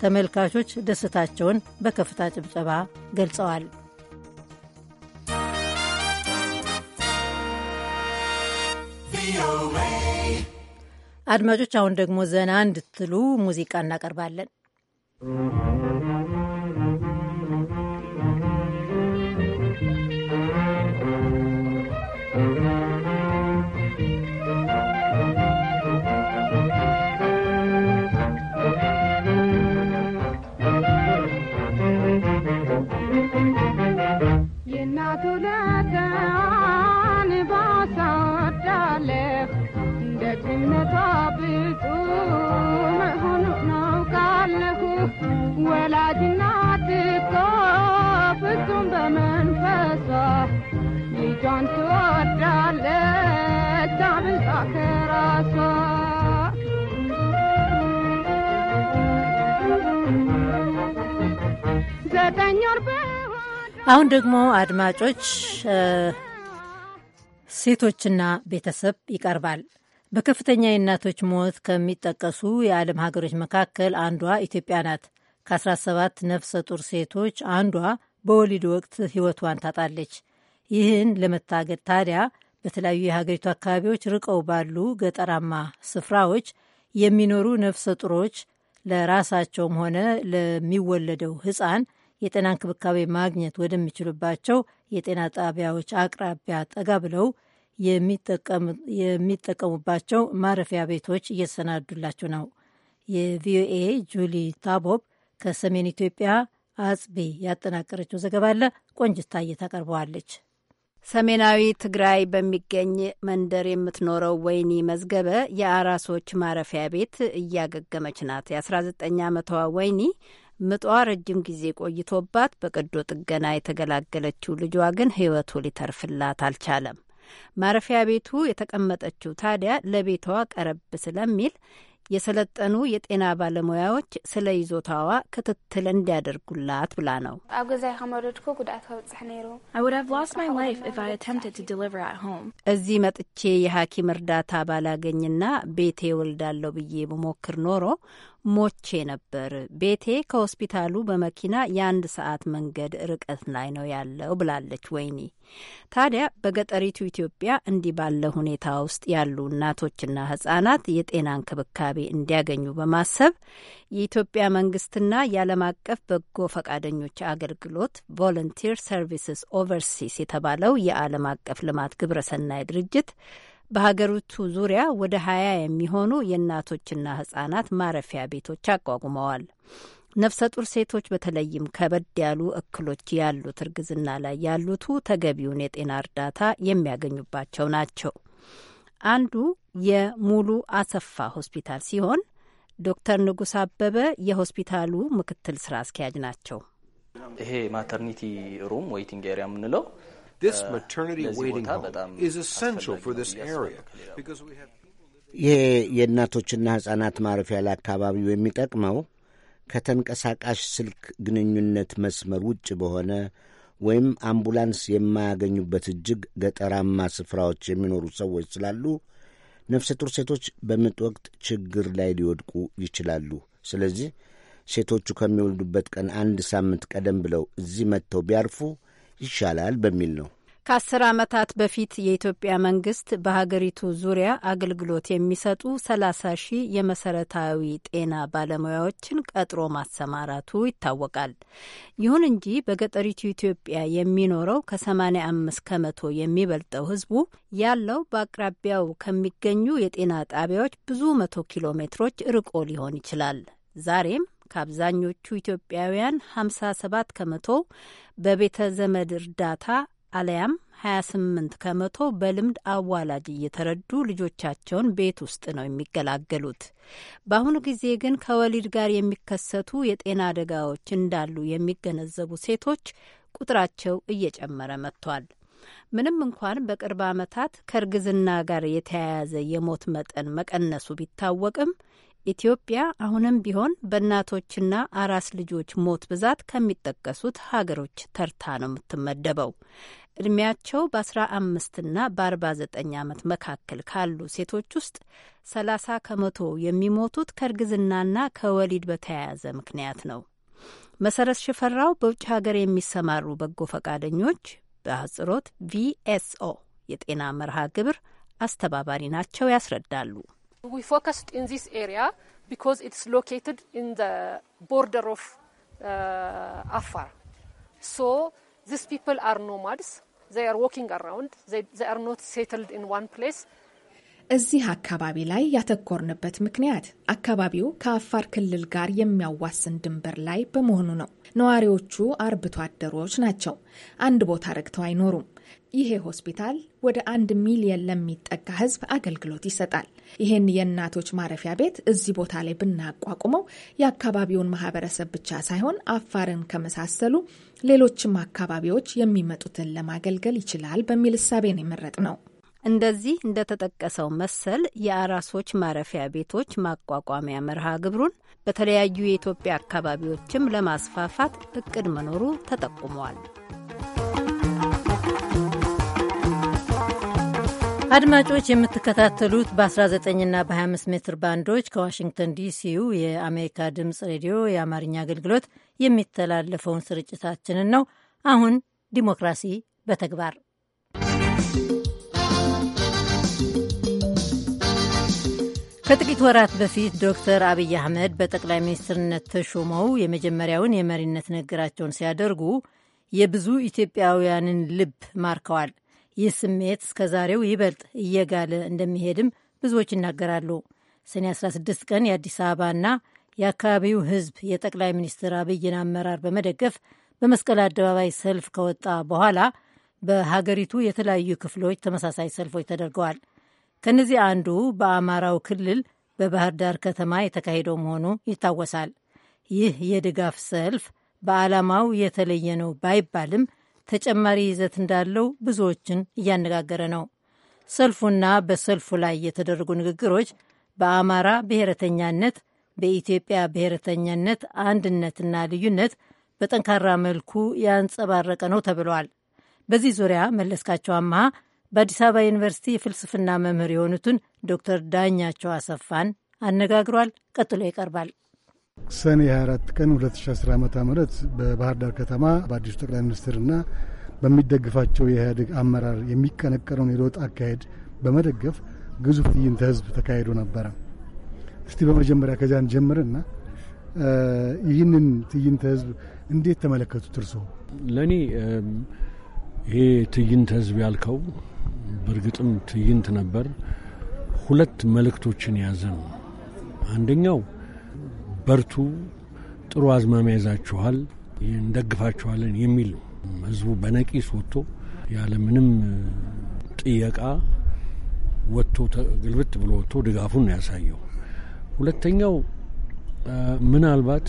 ተመልካቾች ደስታቸውን በከፍታ ጭብጨባ ገልጸዋል። አድማጮች አሁን ደግሞ ዘና እንድትሉ ሙዚቃ እናቀርባለን። አሁን ደግሞ አድማጮች ሴቶችና ቤተሰብ ይቀርባል። በከፍተኛ የእናቶች ሞት ከሚጠቀሱ የዓለም ሀገሮች መካከል አንዷ ኢትዮጵያ ናት። ከ17 ነፍሰ ጡር ሴቶች አንዷ በወሊድ ወቅት ሕይወቷን ታጣለች። ይህን ለመታገድ ታዲያ በተለያዩ የሀገሪቱ አካባቢዎች ርቀው ባሉ ገጠራማ ስፍራዎች የሚኖሩ ነፍሰ ጡሮች ለራሳቸውም ሆነ ለሚወለደው ሕፃን የጤና እንክብካቤ ማግኘት ወደሚችሉባቸው የጤና ጣቢያዎች አቅራቢያ ጠጋ ብለው የሚጠቀሙባቸው ማረፊያ ቤቶች እየተሰናዱላቸው ነው። የቪኦኤ ጁሊ ታቦብ ከሰሜን ኢትዮጵያ አጽቤ ያጠናቀረችው ዘገባ አለ። ቆንጅታዬ ታቀርበዋለች። ሰሜናዊ ትግራይ በሚገኝ መንደር የምትኖረው ወይኒ መዝገበ የአራሶች ማረፊያ ቤት እያገገመች ናት። የ19 ዓመቷ ወይኒ ምጧ ረጅም ጊዜ ቆይቶባት በቀዶ ጥገና የተገላገለችው ልጇ ግን ሕይወቱ ሊተርፍላት አልቻለም። ማረፊያ ቤቱ የተቀመጠችው ታዲያ ለቤቷ ቀረብ ስለሚል የሰለጠኑ የጤና ባለሙያዎች ስለ ይዞታዋ ክትትል እንዲያደርጉላት ብላ ነው። እዚህ መጥቼ የሐኪም እርዳታ ባላገኝና ቤቴ ወልዳለው ብዬ ብሞክር ኖሮ ሞቼ ነበር። ቤቴ ከሆስፒታሉ በመኪና የአንድ ሰዓት መንገድ ርቀት ላይ ነው ያለው ብላለች ወይኒ። ታዲያ በገጠሪቱ ኢትዮጵያ እንዲህ ባለ ሁኔታ ውስጥ ያሉ እናቶችና ሕጻናት የጤና እንክብካቤ እንዲያገኙ በማሰብ የኢትዮጵያ መንግስትና የዓለም አቀፍ በጎ ፈቃደኞች አገልግሎት ቮለንቲር ሰርቪስስ ኦቨርሲስ የተባለው የዓለም አቀፍ ልማት ግብረሰናይ ድርጅት በሀገሪቱ ዙሪያ ወደ ሀያ የሚሆኑ የእናቶችና ህጻናት ማረፊያ ቤቶች አቋቁመዋል። ነፍሰ ጡር ሴቶች በተለይም ከበድ ያሉ እክሎች ያሉት እርግዝና ላይ ያሉቱ ተገቢውን የጤና እርዳታ የሚያገኙባቸው ናቸው። አንዱ የሙሉ አሰፋ ሆስፒታል ሲሆን ዶክተር ንጉስ አበበ የሆስፒታሉ ምክትል ስራ አስኪያጅ ናቸው። ይሄ ማተርኒቲ ሩም ዌይቲንግ ኤሪያ የምንለው because we have. ይሄ የእናቶችና ሕፃናት ማረፊያ ለአካባቢው የሚጠቅመው ከተንቀሳቃሽ ስልክ ግንኙነት መስመር ውጭ በሆነ ወይም አምቡላንስ የማያገኙበት እጅግ ገጠራማ ስፍራዎች የሚኖሩ ሰዎች ስላሉ ነፍሰ ጡር ሴቶች በምጥ ወቅት ችግር ላይ ሊወድቁ ይችላሉ። ስለዚህ ሴቶቹ ከሚወልዱበት ቀን አንድ ሳምንት ቀደም ብለው እዚህ መጥተው ቢያርፉ ይሻላል በሚል ነው። ከአስር ዓመታት በፊት የኢትዮጵያ መንግስት በሀገሪቱ ዙሪያ አገልግሎት የሚሰጡ ሰላሳ ሺህ የመሰረታዊ ጤና ባለሙያዎችን ቀጥሮ ማሰማራቱ ይታወቃል። ይሁን እንጂ በገጠሪቱ ኢትዮጵያ የሚኖረው ከ አምስት ከመቶ የሚበልጠው ህዝቡ ያለው በአቅራቢያው ከሚገኙ የጤና ጣቢያዎች ብዙ መቶ ኪሎ ሜትሮች ርቆ ሊሆን ይችላል። ዛሬም ከአብዛኞቹ ኢትዮጵያውያን 57 ከመቶ በቤተ ዘመድ እርዳታ አለያም 28 ከመቶ በልምድ አዋላጅ እየተረዱ ልጆቻቸውን ቤት ውስጥ ነው የሚገላገሉት። በአሁኑ ጊዜ ግን ከወሊድ ጋር የሚከሰቱ የጤና አደጋዎች እንዳሉ የሚገነዘቡ ሴቶች ቁጥራቸው እየጨመረ መጥቷል። ምንም እንኳን በቅርብ ዓመታት ከእርግዝና ጋር የተያያዘ የሞት መጠን መቀነሱ ቢታወቅም ኢትዮጵያ አሁንም ቢሆን በእናቶችና አራስ ልጆች ሞት ብዛት ከሚጠቀሱት ሀገሮች ተርታ ነው የምትመደበው። እድሜያቸው በ15ና በ49 ዓመት መካከል ካሉ ሴቶች ውስጥ 30 ከመቶ የሚሞቱት ከእርግዝናና ከወሊድ በተያያዘ ምክንያት ነው። መሰረት ሽፈራው በውጭ ሀገር የሚሰማሩ በጎ ፈቃደኞች በአጽሮት ቪኤስኦ የጤና መርሃ ግብር አስተባባሪ ናቸው። ያስረዳሉ። We focused in this area because it's located in the border of uh, Afar. So these people are nomads. They are walking around. They, they are not settled in one place. እዚህ አካባቢ ላይ ያተኮርንበት ምክንያት አካባቢው ከአፋር ክልል ጋር የሚያዋስን ድንበር ላይ በመሆኑ ነው። ነዋሪዎቹ አርብቶ አደሮች ናቸው። አንድ ቦታ ረግተው አይኖሩም። ይሄ ሆስፒታል ወደ አንድ ሚሊየን ለሚጠጋ ህዝብ አገልግሎት ይሰጣል። ይህን የእናቶች ማረፊያ ቤት እዚህ ቦታ ላይ ብናቋቁመው የአካባቢውን ማህበረሰብ ብቻ ሳይሆን አፋርን ከመሳሰሉ ሌሎችም አካባቢዎች የሚመጡትን ለማገልገል ይችላል በሚል እሳቤን የመረጥ ነው። እንደዚህ እንደተጠቀሰው መሰል የአራሶች ማረፊያ ቤቶች ማቋቋሚያ መርሃ ግብሩን በተለያዩ የኢትዮጵያ አካባቢዎችም ለማስፋፋት እቅድ መኖሩ ተጠቁመዋል። አድማጮች የምትከታተሉት በ19ና በ25 ሜትር ባንዶች ከዋሽንግተን ዲሲው የአሜሪካ ድምፅ ሬዲዮ የአማርኛ አገልግሎት የሚተላለፈውን ስርጭታችንን ነው። አሁን ዲሞክራሲ በተግባር ከጥቂት ወራት በፊት ዶክተር አብይ አህመድ በጠቅላይ ሚኒስትርነት ተሾመው የመጀመሪያውን የመሪነት ንግግራቸውን ሲያደርጉ የብዙ ኢትዮጵያውያንን ልብ ማርከዋል። ይህ ስሜት እስከ ዛሬው ይበልጥ እየጋለ እንደሚሄድም ብዙዎች ይናገራሉ። ሰኔ 16 ቀን የአዲስ አበባና የአካባቢው ህዝብ የጠቅላይ ሚኒስትር አብይን አመራር በመደገፍ በመስቀል አደባባይ ሰልፍ ከወጣ በኋላ በሀገሪቱ የተለያዩ ክፍሎች ተመሳሳይ ሰልፎች ተደርገዋል። ከነዚህ አንዱ በአማራው ክልል በባህር ዳር ከተማ የተካሄደው መሆኑ ይታወሳል። ይህ የድጋፍ ሰልፍ በዓላማው የተለየ ነው ባይባልም ተጨማሪ ይዘት እንዳለው ብዙዎችን እያነጋገረ ነው። ሰልፉና በሰልፉ ላይ የተደረጉ ንግግሮች በአማራ ብሔረተኛነት፣ በኢትዮጵያ ብሔረተኛነት አንድነትና ልዩነት በጠንካራ መልኩ ያንጸባረቀ ነው ተብሏል። በዚህ ዙሪያ መለስካቸው አመሃ በአዲስ አበባ ዩኒቨርሲቲ የፍልስፍና መምህር የሆኑትን ዶክተር ዳኛቸው አሰፋን አነጋግሯል። ቀጥሎ ይቀርባል። ሰኔ 24 ቀን 2010 ዓ ም በባህር ዳር ከተማ በአዲሱ ጠቅላይ ሚኒስትርና በሚደግፋቸው የኢህአዴግ አመራር የሚቀነቀነውን የለውጥ አካሄድ በመደገፍ ግዙፍ ትዕይንተ ህዝብ ተካሂዶ ነበረ። እስቲ በመጀመሪያ ከዚያን ጀምርና ይህንን ትዕይንተ ህዝብ እንዴት ተመለከቱት እርስዎ? ለእኔ ይሄ ትዕይንተ ህዝብ ያልከው በእርግጥም ትዕይንት ነበር። ሁለት መልእክቶችን የያዘ ነው። አንደኛው በርቱ፣ ጥሩ አዝማሚያ ይዛችኋል፣ እንደግፋችኋለን የሚል ህዝቡ በነቂስ ወጥቶ ያለምንም ጥየቃ ወጥቶ ግልብጥ ብሎ ወጥቶ ድጋፉን ያሳየው። ሁለተኛው ምናልባት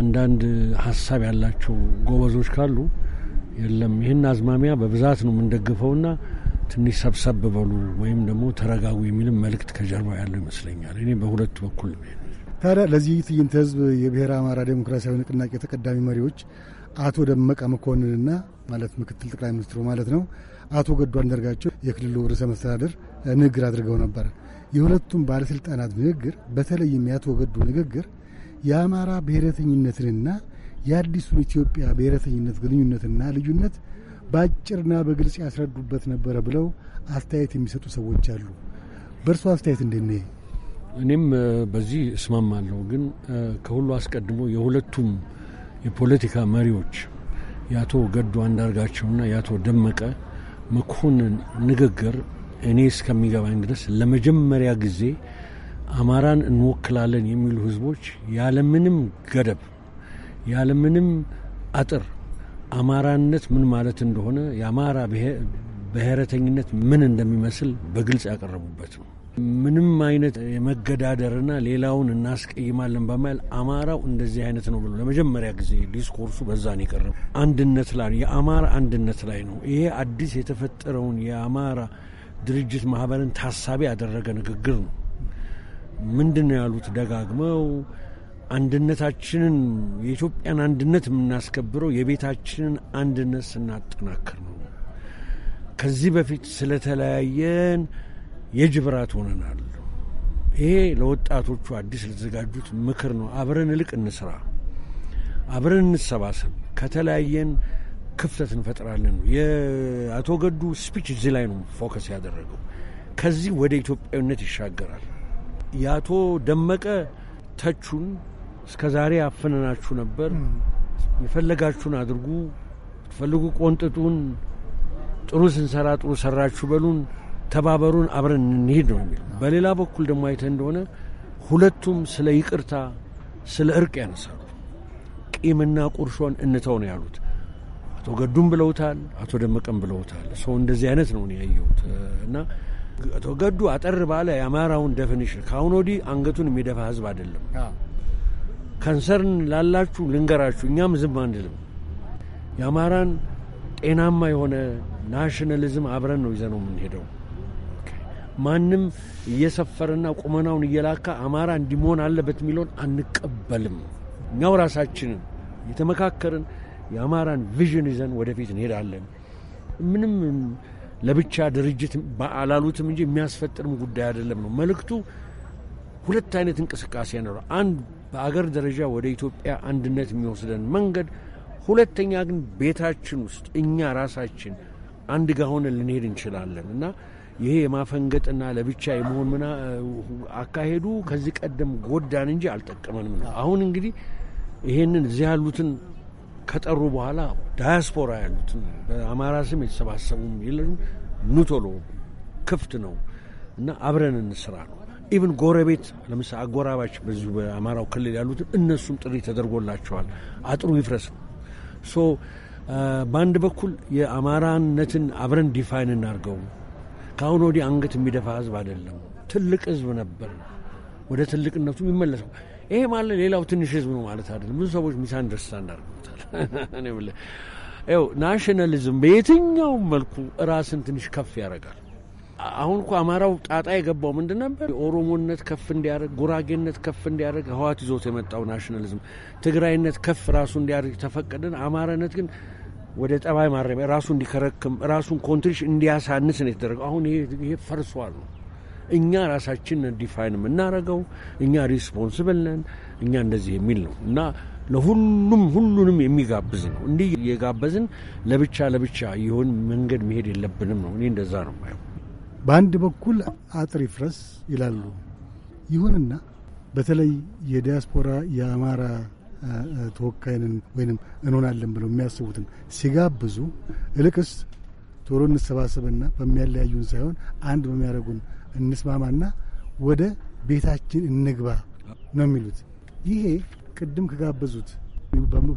አንዳንድ ሀሳብ ያላቸው ጎበዞች ካሉ የለም ይህን አዝማሚያ በብዛት ነው የምንደግፈውና ትንሽ ሰብሰብ በሉ ወይም ደግሞ ተረጋጉ የሚልም መልእክት ከጀርባ ያለው ይመስለኛል። እኔ በሁለቱ በኩል ታዲያ ለዚህ ትዕይንተ ህዝብ የብሔረ አማራ ዴሞክራሲያዊ ንቅናቄ ተቀዳሚ መሪዎች አቶ ደመቀ መኮንንና ማለት ምክትል ጠቅላይ ሚኒስትሩ ማለት ነው አቶ ገዱ አንዳርጋቸው የክልሉ ርዕሰ መስተዳደር ንግግር አድርገው ነበር። የሁለቱም ባለስልጣናት ንግግር በተለይም የአቶ ገዱ ንግግር የአማራ ብሔረተኝነትንና የአዲሱን ኢትዮጵያ ብሔረተኝነት ግንኙነትና ልዩነት በአጭርና በግልጽ ያስረዱበት ነበረ ብለው አስተያየት የሚሰጡ ሰዎች አሉ። በእርሶ አስተያየት እንደነ እኔም በዚህ እስማማለሁ። ግን ከሁሉ አስቀድሞ የሁለቱም የፖለቲካ መሪዎች የአቶ ገዱ አንዳርጋቸውና የአቶ ደመቀ መኮንን ንግግር እኔ እስከሚገባኝ ድረስ ለመጀመሪያ ጊዜ አማራን እንወክላለን የሚሉ ህዝቦች ያለምንም ገደብ ያለምንም አጥር አማራነት ምን ማለት እንደሆነ የአማራ ብሔረተኝነት ምን እንደሚመስል በግልጽ ያቀረቡበት ነው። ምንም አይነት የመገዳደርና ሌላውን እናስቀይማለን በማል አማራው እንደዚህ አይነት ነው ብሎ ለመጀመሪያ ጊዜ ዲስኮርሱ በዛን የቀረበ አንድነት ላይ የአማራ አንድነት ላይ ነው። ይሄ አዲስ የተፈጠረውን የአማራ ድርጅት ማህበርን ታሳቢ ያደረገ ንግግር ነው። ምንድን ነው ያሉት? ደጋግመው አንድነታችንን የኢትዮጵያን አንድነት የምናስከብረው የቤታችንን አንድነት ስናጠናክር ነው። ከዚህ በፊት ስለተለያየን የጅብራት ሆነናል። ይሄ ለወጣቶቹ አዲስ ለተዘጋጁት ምክር ነው። አብረን እልቅ እንስራ፣ አብረን እንሰባሰብ። ከተለያየን ክፍተት እንፈጥራለን። የአቶ ገዱ ስፒች እዚህ ላይ ነው ፎከስ ያደረገው። ከዚህ ወደ ኢትዮጵያዊነት ይሻገራል። የአቶ ደመቀ ተቹን እስከ ዛሬ አፍነናችሁ ነበር፣ የፈለጋችሁን አድርጉ፣ ትፈልጉ፣ ቆንጥጡን፣ ጥሩ ስንሰራ ጥሩ ሰራችሁ በሉን ተባበሩን፣ አብረን እንሄድ ነው የሚለው። በሌላ በኩል ደግሞ አይተህ እንደሆነ ሁለቱም ስለ ይቅርታ፣ ስለ እርቅ ያነሳሉ። ቂምና ቁርሾን እንተው ነው ያሉት። አቶ ገዱም ብለውታል፣ አቶ ደመቀም ብለውታል። ሰው እንደዚህ አይነት ነው ያየሁት እና አቶ ገዱ አጠር ባለ የአማራውን ደፊኒሽን ከአሁን ወዲህ አንገቱን የሚደፋ ህዝብ አይደለም። ከንሰርን ላላችሁ ልንገራችሁ፣ እኛም ዝም አንልም። የአማራን ጤናማ የሆነ ናሽናሊዝም አብረን ነው ይዘነው የምንሄደው። ማንም እየሰፈረና ቁመናውን እየላካ አማራ እንዲሞን አለበት የሚለውን አንቀበልም። እኛው ራሳችንን የተመካከርን የአማራን ቪዥን ይዘን ወደፊት እንሄዳለን። ምንም ለብቻ ድርጅት አላሉትም እንጂ የሚያስፈጥርም ጉዳይ አይደለም ነው መልእክቱ። ሁለት አይነት እንቅስቃሴ ነው። አንድ በአገር ደረጃ ወደ ኢትዮጵያ አንድነት የሚወስደን መንገድ፣ ሁለተኛ ግን ቤታችን ውስጥ እኛ ራሳችን አንድ ጋ ሆነን ልንሄድ እንችላለን እና ይሄ የማፈንገጥና ለብቻ የመሆን ምና አካሄዱ ከዚህ ቀደም ጎዳን እንጂ አልጠቀመንም ነው። አሁን እንግዲህ ይሄንን እዚህ ያሉትን ከጠሩ በኋላ ዳያስፖራ ያሉትን በአማራ ስም የተሰባሰቡ የለም ኑቶሎ ክፍት ነው እና አብረን እንስራ ነው። ኢቭን ጎረቤት ለምሳ አጎራባች በዚሁ በአማራው ክልል ያሉትን እነሱም ጥሪ ተደርጎላቸዋል። አጥሩ ይፍረስ ነው። ሶ በአንድ በኩል የአማራነትን አብረን ዲፋይን እናርገው ከአሁን ወዲህ አንገት የሚደፋ ህዝብ አይደለም። ትልቅ ህዝብ ነበር፣ ወደ ትልቅነቱ የሚመለሰው። ይሄ ማለት ሌላው ትንሽ ህዝብ ነው ማለት አይደለም። ብዙ ሰዎች ሚስ አንደርስታንድ አድርገውታል። ው ናሽናሊዝም በየትኛውም መልኩ ራስን ትንሽ ከፍ ያደርጋል። አሁን እኮ አማራው ጣጣ የገባው ምንድን ነበር? ኦሮሞነት ከፍ እንዲያደርግ፣ ጉራጌነት ከፍ እንዲያደርግ ህዋት ይዞት የመጣው ናሽናሊዝም፣ ትግራይነት ከፍ ራሱ እንዲያደርግ ተፈቀደን። አማራነት ግን ወደ ጠባይ ማረሚያ ራሱ እንዲከረክም ራሱን ኮንትሪሽ እንዲያሳንስ ነው የተደረገው። አሁን ይሄ ፈርሷል ነው። እኛ ራሳችን ዲፋይን የምናረገው እኛ ሪስፖንስብል ነን እኛ እንደዚህ የሚል ነው እና ለሁሉም ሁሉንም የሚጋብዝ ነው። እንዲህ የጋበዝን ለብቻ ለብቻ የሆን መንገድ መሄድ የለብንም ነው። እኔ እንደዛ ነው የማየው። በአንድ በኩል አጥር ይፍረስ ይላሉ። ይሁንና በተለይ የዲያስፖራ የአማራ ተወካይንን ወይም እንሆናለን ብለው የሚያስቡትን ሲጋብዙ እልቅስ ቶሎ እንሰባሰብና በሚያለያዩን ሳይሆን አንድ በሚያደርጉን እንስማማና ወደ ቤታችን እንግባ ነው የሚሉት። ይሄ ቅድም ከጋበዙት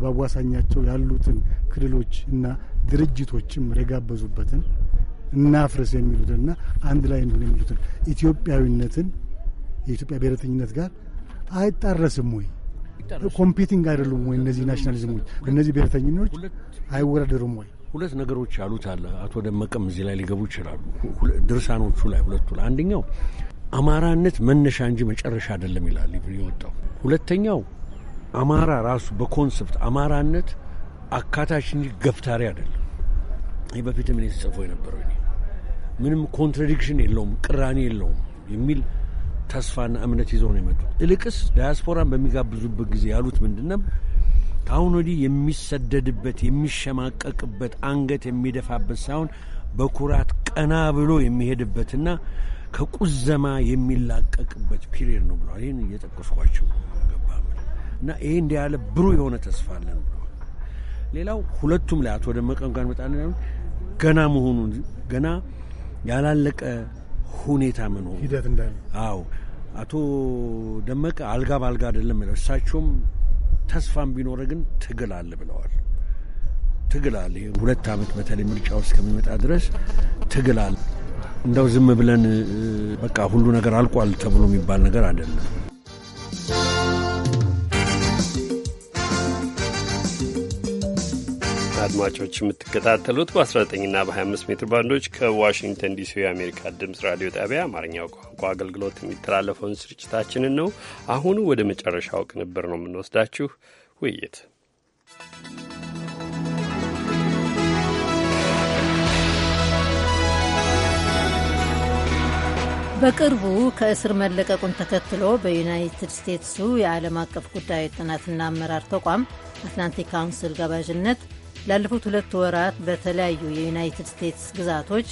በአዋሳኛቸው ያሉትን ክልሎች እና ድርጅቶችም የጋበዙበትን እናፍርስ የሚሉትንና አንድ ላይ እንሁን የሚሉትን ኢትዮጵያዊነትን የኢትዮጵያ ብሔረተኝነት ጋር አይጣረስም ወይ? ኮምፒቲንግ አይደሉም ወይ? እነዚህ ናሽናሊዝሞች እነዚህ ብሔርተኝኖች አይወዳደሩም ወይ? ሁለት ነገሮች አሉት አለ። አቶ ደመቀም እዚህ ላይ ሊገቡ ይችላሉ። ድርሳኖቹ ላይ ሁለቱ ላይ አንደኛው አማራነት መነሻ እንጂ መጨረሻ አይደለም ይላል የወጣው። ሁለተኛው አማራ ራሱ በኮንሰፕት አማራነት አካታች እንጂ ገፍታሪ አይደለም። ይህ በፊትም እኔ ተጽፎ የነበረው ምንም ኮንትራዲክሽን የለውም ቅራኔ የለውም የሚል ተስፋና እምነት ይዘው ነው የመጡት። እልቅስ ዳያስፖራን በሚጋብዙበት ጊዜ ያሉት ምንድን ነው? ከአሁን ወዲህ የሚሰደድበት የሚሸማቀቅበት አንገት የሚደፋበት ሳይሆን በኩራት ቀና ብሎ የሚሄድበትና ከቁዘማ የሚላቀቅበት ፒሪየድ ነው ብለዋል። ይህን እየጠቀስኳቸው ገባ እና ይሄ እንዲህ ያለ ብሩህ የሆነ ተስፋ አለን ብለዋል። ሌላው ሁለቱም ላይ አቶ ደመቀም ጋር መጣ ገና መሆኑን ገና ያላለቀ ሁኔታ መኖሩ አዎ አቶ ደመቀ አልጋ በአልጋ አይደለም የሚለው እሳቸውም ተስፋም ቢኖረ ግን ትግል አለ ብለዋል። ትግል አለ። ይሄ ሁለት ዓመት በተለይ ምርጫው እስከሚመጣ ድረስ ትግል አለ። እንደው ዝም ብለን በቃ ሁሉ ነገር አልቋል ተብሎ የሚባል ነገር አይደለም። አድማጮች የምትከታተሉት በ19ና በ25 ሜትር ባንዶች ከዋሽንግተን ዲሲ የአሜሪካ ድምፅ ራዲዮ ጣቢያ አማርኛው ቋንቋ አገልግሎት የሚተላለፈውን ስርጭታችንን ነው። አሁኑ ወደ መጨረሻው ቅንብር ነው የምንወስዳችሁ። ውይይት በቅርቡ ከእስር መለቀቁን ተከትሎ በዩናይትድ ስቴትሱ የዓለም አቀፍ ጉዳዮች ጥናትና አመራር ተቋም አትላንቲክ ካውንስል ጋባዥነት ላለፉት ሁለት ወራት በተለያዩ የዩናይትድ ስቴትስ ግዛቶች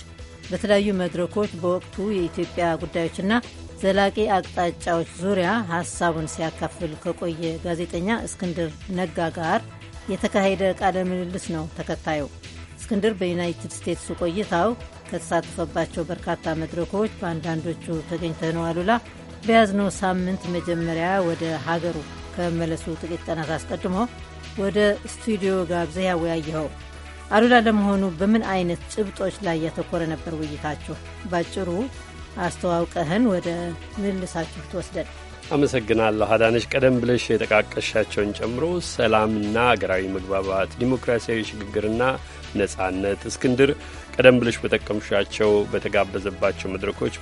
በተለያዩ መድረኮች በወቅቱ የኢትዮጵያ ጉዳዮችና ዘላቂ አቅጣጫዎች ዙሪያ ሀሳቡን ሲያካፍል ከቆየ ጋዜጠኛ እስክንድር ነጋ ጋር የተካሄደ ቃለ ምልልስ ነው ተከታዩ። እስክንድር በዩናይትድ ስቴትስ ቆይታው ከተሳተፈባቸው በርካታ መድረኮች በአንዳንዶቹ ተገኝተህ ነው አሉላ። በያዝነው ሳምንት መጀመሪያ ወደ ሀገሩ ከመመለሱ ጥቂት ቀናት አስቀድሞ ወደ ስቱዲዮ ጋብዘህ ያወያየኸው አሉላ፣ ለመሆኑ በምን አይነት ጭብጦች ላይ ያተኮረ ነበር ውይይታችሁ? ባጭሩ አስተዋውቀህን ወደ ምልሳችሁ ትወስደን። አመሰግናለሁ አዳነሽ ቀደም ብለሽ የጠቃቀሻቸውን ጨምሮ ሰላምና አገራዊ መግባባት፣ ዲሞክራሲያዊ ሽግግርና ነጻነት፣ እስክንድር ቀደም ብለሽ በጠቀምሻቸው በተጋበዘባቸው መድረኮች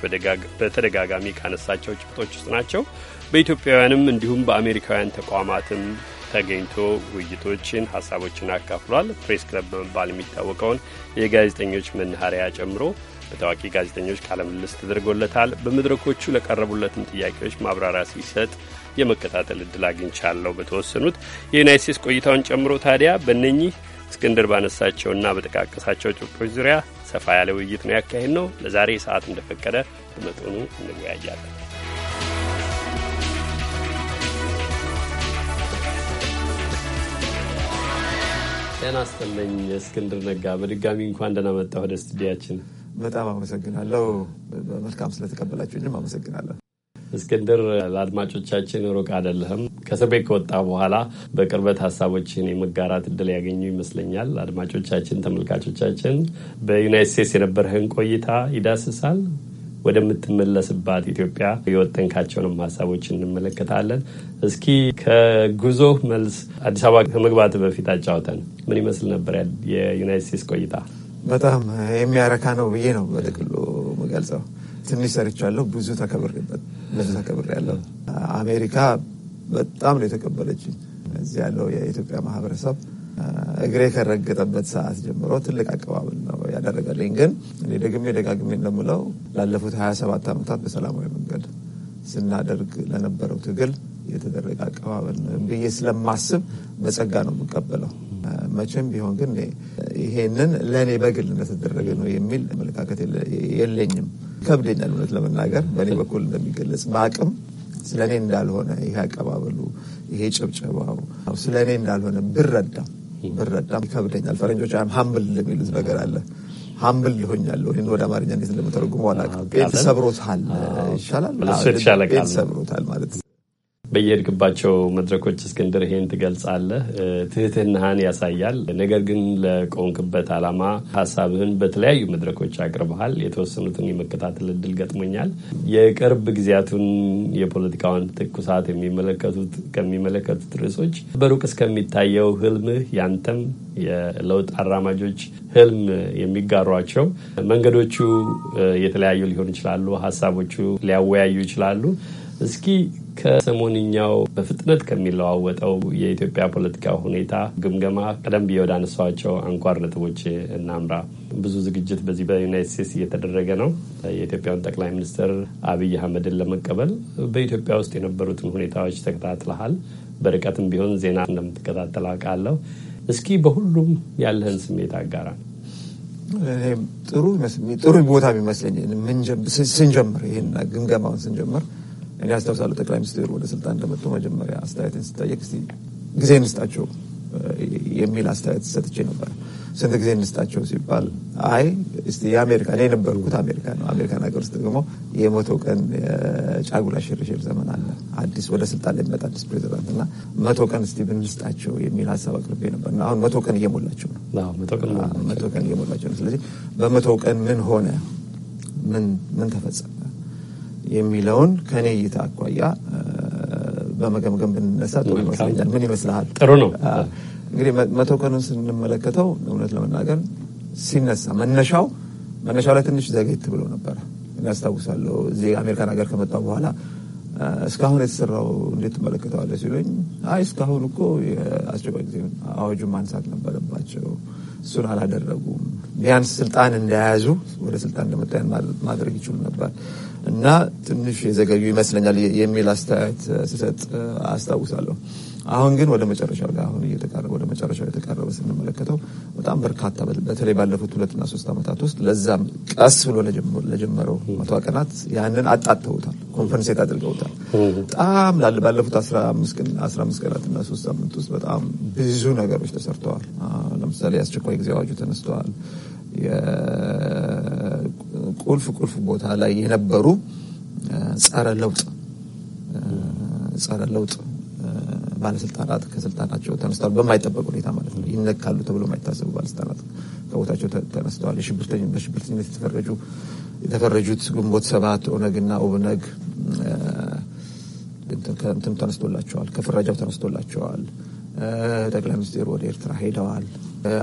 በተደጋጋሚ ካነሳቸው ጭብጦች ውስጥ ናቸው። በኢትዮጵያውያንም እንዲሁም በአሜሪካውያን ተቋማትም ተገኝቶ ውይይቶችን፣ ሀሳቦችን አካፍሏል። ፕሬስ ክለብ በመባል የሚታወቀውን የጋዜጠኞች መናኸሪያ ጨምሮ በታዋቂ ጋዜጠኞች ቃለ ምልልስ ተደርጎለታል። በመድረኮቹ ለቀረቡለትም ጥያቄዎች ማብራሪያ ሲሰጥ የመከታተል እድል አግኝቻለሁ። በተወሰኑት የዩናይት ስቴትስ ቆይታውን ጨምሮ ታዲያ በእነኚህ እስክንድር ባነሳቸውና በጠቃቀሳቸው ጭብጦች ዙሪያ ሰፋ ያለ ውይይት ነው ያካሄድ ነው። ለዛሬ ሰዓት እንደፈቀደ በመጠኑ እንወያያለን። ጤና ይስጥልኝ እስክንድር ነጋ፣ በድጋሚ እንኳን ደህና መጣህ ወደ ስቱዲያችን። በጣም አመሰግናለሁ። በመልካም ስለተቀበላችሁኝም አመሰግናለሁ። እስክንድር ለአድማጮቻችን ሩቅ አይደለህም። ከእስር ቤት ከወጣ በኋላ በቅርበት ሀሳቦችን የመጋራት እድል ያገኙ ይመስለኛል። አድማጮቻችን፣ ተመልካቾቻችን በዩናይት ስቴትስ የነበረህን ቆይታ ይዳስሳል። ወደምትመለስባት ኢትዮጵያ የወጠንካቸውንም ሀሳቦች እንመለከታለን። እስኪ ከጉዞ መልስ አዲስ አበባ ከመግባት በፊት አጫውተን ምን ይመስል ነበር የዩናይት ስቴትስ ቆይታ? በጣም የሚያረካ ነው ብዬ ነው በጥቅሉ የምገልጸው። ትንሽ ሰርቻለሁ፣ ብዙ ተከብሬበት ብዙ ያለው አሜሪካ በጣም ነው የተቀበለችኝ። እዚህ ያለው የኢትዮጵያ ማህበረሰብ እግሬ ከረገጠበት ሰዓት ጀምሮ ትልቅ አቀባበል ነው ያደረገልኝ። ግን እኔ ደግሜ ደጋግሜ እንደምለው ላለፉት 27 ዓመታት በሰላማዊ መንገድ ስናደርግ ለነበረው ትግል የተደረገ አቀባበል ነው ብዬ ስለማስብ በጸጋ ነው የምቀበለው። መቼም ቢሆን ግን ይሄንን ለእኔ በግል እንደተደረገ ነው የሚል አመለካከት የለኝም። ከብደኛል፣ እውነት ለመናገር በእኔ በኩል እንደሚገለጽ በአቅም ስለ እኔ እንዳልሆነ ይሄ አቀባበሉ፣ ይሄ ጭብጨባው ስለ እኔ እንዳልሆነ ብረዳም ብረዳም ይከብደኛል። ፈረንጆች ሀምብል የሚሉት ነገር አለ። ሀምብል ይሆኛለሁ። ይህን ወደ አማርኛ እንዴት እንደምተረጉመው አላውቅም። ቤት ሰብሮታል ይሻላል። ቤት ሰብሮታል ማለት በየሄድክባቸው መድረኮች እስክንድር ይሄን ትገልጻለህ። ትህትናህን ያሳያል። ነገር ግን ለቆንክበት አላማ ሀሳብህን በተለያዩ መድረኮች አቅርበሃል። የተወሰኑትን የመከታተል እድል ገጥሞኛል። የቅርብ ጊዜያቱን የፖለቲካውን ትኩሳት የሚመለከቱት ከሚመለከቱት ርዕሶች በሩቅ እስከሚታየው ህልምህ ያንተም የለውጥ አራማጆች ህልም የሚጋሯቸው መንገዶቹ የተለያዩ ሊሆኑ ይችላሉ። ሀሳቦቹ ሊያወያዩ ይችላሉ። እስኪ ከሰሞንኛው በፍጥነት ከሚለዋወጠው የኢትዮጵያ ፖለቲካ ሁኔታ ግምገማ ቀደም ብዬ ወዳነሷቸው አንኳር ነጥቦች እናምራ። ብዙ ዝግጅት በዚህ በዩናይት ስቴትስ እየተደረገ ነው፣ የኢትዮጵያውን ጠቅላይ ሚኒስትር አብይ አህመድን ለመቀበል። በኢትዮጵያ ውስጥ የነበሩትን ሁኔታዎች ተከታትለሃል፣ በርቀትም ቢሆን ዜና እንደምትከታተል አውቃለሁ። እስኪ በሁሉም ያለህን ስሜት አጋራ። ጥሩ ቦታ ቢመስለኝ ስንጀምር ይሄን ግምገማውን ስንጀምር እኔ አስታውሳለሁ ጠቅላይ ሚኒስትር ወደ ስልጣን እንደመጡ መጀመሪያ አስተያየትን ስጠየቅ እስቲ ጊዜ እንስጣቸው የሚል አስተያየት ሰጥቼ ነበር። ስንት ጊዜ እንስጣቸው ሲባል አይ እስቲ የአሜሪካ እኔ የነበርኩት አሜሪካ ነው። አሜሪካን ሀገር ውስጥ ደግሞ የመቶ ቀን የጫጉላ ሽርሽር ዘመን አለ። አዲስ ወደ ስልጣን ላይ አዲስ ፕሬዚዳንት እና መቶ ቀን እስቲ ብንስጣቸው የሚል ሀሳብ አቅርቤ ነበር እና አሁን መቶ ቀን እየሞላቸው ነው። መቶ ቀን እየሞላቸው ነው። ስለዚህ በመቶ ቀን ምን ሆነ? ምን ምን ተፈጸመ? የሚለውን ከኔ እይታ አኳያ በመገምገም ብንነሳ ጥሩ ይመስለኛል። ምን ይመስልሃል? ጥሩ ነው። እንግዲህ መቶ ቀኑን ስንመለከተው እውነት ለመናገር ሲነሳ መነሻው መነሻው ላይ ትንሽ ዘግየት ብሎ ነበረ። ያስታውሳለሁ እዚህ አሜሪካን ሀገር ከመጣሁ በኋላ እስካሁን የተሰራው እንዴት ትመለከተዋለህ ሲሉኝ፣ አይ እስካሁን እኮ የአስቸኳይ ጊዜ አዋጁን ማንሳት ነበረባቸው፣ እሱን አላደረጉም። ቢያንስ ስልጣን እንደያዙ ወደ ስልጣን እንደመጣ ማድረግ ይችሉ ነበር። እና ትንሽ የዘገዩ ይመስለኛል የሚል አስተያየት ስሰጥ አስታውሳለሁ። አሁን ግን ወደ መጨረሻው ላይ አሁን እየተቃረበ ወደ መጨረሻው የተቃረበ ስንመለከተው በጣም በርካታ በተለይ ባለፉት ሁለትና ሶስት ዓመታት ውስጥ ለዛም ቀስ ብሎ ለጀመረው መቶ ቀናት ያንን አጣጥተውታል፣ ኮንፈንሴት አድርገውታል። በጣም ላለ ባለፉት አስራ አምስት ቀናትና ሶስት ሳምንት ውስጥ በጣም ብዙ ነገሮች ተሰርተዋል። ለምሳሌ የአስቸኳይ ጊዜ አዋጁ ተነስተዋል። ቁልፍ ቁልፍ ቦታ ላይ የነበሩ ጸረ ለውጥ ጸረ ለውጥ ባለስልጣናት ከስልጣናቸው ተነስተዋል። በማይጠበቅ ሁኔታ ማለት ነው። ይነካሉ ተብሎ የማይታሰቡ ባለስልጣናት ከቦታቸው ተነስተዋል። በሽብርተኝነት የተፈረጁት ግንቦት ሰባት ኦነግና ኦብነግ እንትን ተነስቶላቸዋል። ከፍረጃው ተነስቶላቸዋል። ጠቅላይ ሚኒስትሩ ወደ ኤርትራ ሄደዋል።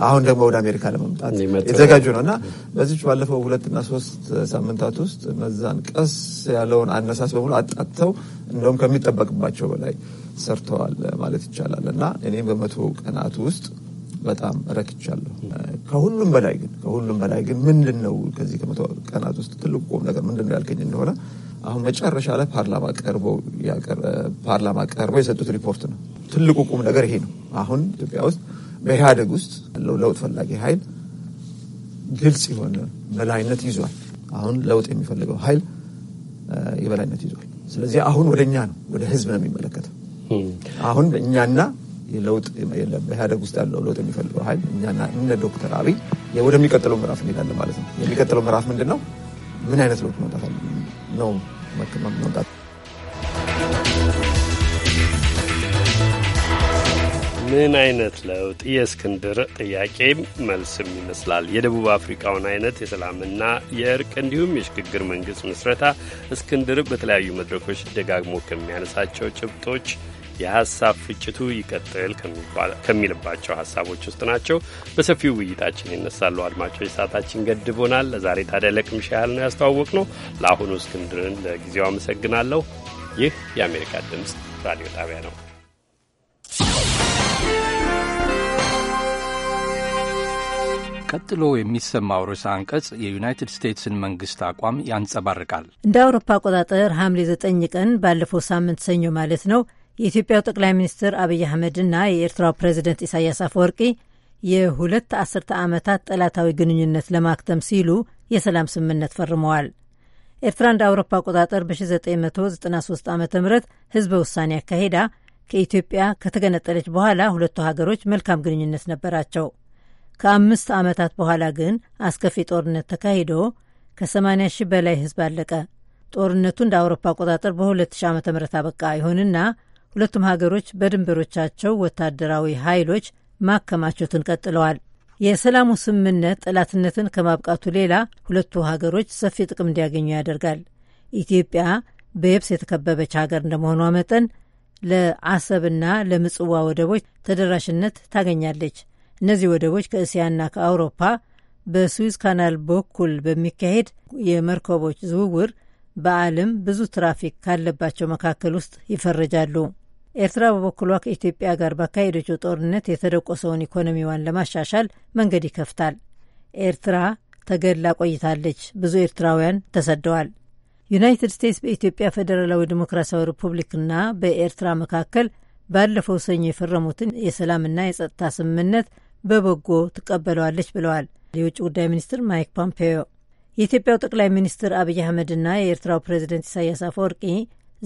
አሁን ደግሞ ወደ አሜሪካ ለመምጣት የተዘጋጁ ነው እና በዚች ባለፈው ሁለትና ሶስት ሳምንታት ውስጥ እነዛን ቀስ ያለውን አነሳስ በሙሉ አጣጥተው እንደውም ከሚጠበቅባቸው በላይ ሰርተዋል ማለት ይቻላል እና እኔም በመቶ ቀናት ውስጥ በጣም ረክቻለሁ። ከሁሉም በላይ ግን ከሁሉም በላይ ግን ምንድን ነው ከዚህ ከመቶ ቀናት ውስጥ ትልቁ ቁም ነገር ምንድን ነው ያልከኝ እንደሆነ አሁን መጨረሻ ላይ ፓርላማ ቀርበው ፓርላማ ቀርበው የሰጡት ሪፖርት ነው። ትልቁ ቁም ነገር ይሄ ነው። አሁን ኢትዮጵያ ውስጥ በኢህአደግ ውስጥ ያለው ለውጥ ፈላጊ ኃይል ግልጽ የሆነ በላይነት ይዟል። አሁን ለውጥ የሚፈልገው ኃይል የበላይነት ይዟል። ስለዚህ አሁን ወደ እኛ ነው፣ ወደ ህዝብ ነው የሚመለከተው። አሁን እኛና የለውጥ በኢህአደግ ውስጥ ያለው ለውጥ የሚፈልገው ኃይል እኛና እነ ዶክተር አብይ ወደሚቀጥለው ምዕራፍ እንሄዳለን ማለት ነው። የሚቀጥለው ምዕራፍ ምንድን ነው? ምን አይነት ለውጥ መውጣት ነው መውጣት ምን አይነት ለውጥ! የእስክንድር ጥያቄ መልስም ይመስላል። የደቡብ አፍሪካውን አይነት የሰላምና የእርቅ እንዲሁም የሽግግር መንግስት ምስረታ እስክንድር በተለያዩ መድረኮች ደጋግሞ ከሚያነሳቸው ጭብጦች የሀሳብ ፍጭቱ ይቀጥል ከሚልባቸው ሀሳቦች ውስጥ ናቸው። በሰፊው ውይይታችን ይነሳሉ። አድማጮች፣ ሰዓታችን ገድቦናል። ለዛሬ ታዲያ ለቅምሻ ያህል ነው ያስተዋወቅ ነው። ለአሁኑ እስክንድርን ለጊዜው አመሰግናለሁ። ይህ የአሜሪካ ድምፅ ራዲዮ ጣቢያ ነው። ቀጥሎ የሚሰማው ርዕሰ አንቀጽ የዩናይትድ ስቴትስን መንግስት አቋም ያንጸባርቃል። እንደ አውሮፓ አቆጣጠር ሐምሌ 9 ቀን ባለፈው ሳምንት ሰኞ ማለት ነው የኢትዮጵያው ጠቅላይ ሚኒስትር አብይ አህመድና የኤርትራው ፕሬዚደንት ኢሳያስ አፈወርቂ የሁለት አስርተ ዓመታት ጠላታዊ ግንኙነት ለማክተም ሲሉ የሰላም ስምምነት ፈርመዋል። ኤርትራ እንደ አውሮፓ አቆጣጠር በ1993 ዓ ም ህዝበ ውሳኔ አካሄዳ ከኢትዮጵያ ከተገነጠለች በኋላ ሁለቱ ሀገሮች መልካም ግንኙነት ነበራቸው። ከአምስት ዓመታት በኋላ ግን አስከፊ ጦርነት ተካሂዶ ከ80 ሺህ በላይ ህዝብ አለቀ። ጦርነቱ እንደ አውሮፓ አቆጣጠር በ2000 ዓ ም አበቃ። ይሁንና ሁለቱም ሀገሮች በድንበሮቻቸው ወታደራዊ ኃይሎች ማከማቸቱን ቀጥለዋል። የሰላሙ ስምምነት ጠላትነትን ከማብቃቱ ሌላ ሁለቱ ሀገሮች ሰፊ ጥቅም እንዲያገኙ ያደርጋል። ኢትዮጵያ በየብስ የተከበበች ሀገር እንደመሆኗ መጠን ለአሰብና ለምጽዋ ወደቦች ተደራሽነት ታገኛለች። እነዚህ ወደቦች ከእስያና ከአውሮፓ በስዊዝ ካናል በኩል በሚካሄድ የመርከቦች ዝውውር በዓለም ብዙ ትራፊክ ካለባቸው መካከል ውስጥ ይፈረጃሉ። ኤርትራ በበኩሏ ከኢትዮጵያ ጋር ባካሄደችው ጦርነት የተደቆሰውን ኢኮኖሚዋን ለማሻሻል መንገድ ይከፍታል። ኤርትራ ተገላ ቆይታለች። ብዙ ኤርትራውያን ተሰደዋል። ዩናይትድ ስቴትስ በኢትዮጵያ ፌዴራላዊ ዲሞክራሲያዊ ሪፑብሊክና በኤርትራ መካከል ባለፈው ሰኞ የፈረሙትን የሰላምና የጸጥታ ስምምነት በበጎ ትቀበለዋለች ብለዋል የውጭ ጉዳይ ሚኒስትር ማይክ ፖምፔዮ። የኢትዮጵያው ጠቅላይ ሚኒስትር አብይ አህመድና የኤርትራው ፕሬዚደንት ኢሳያስ አፈወርቂ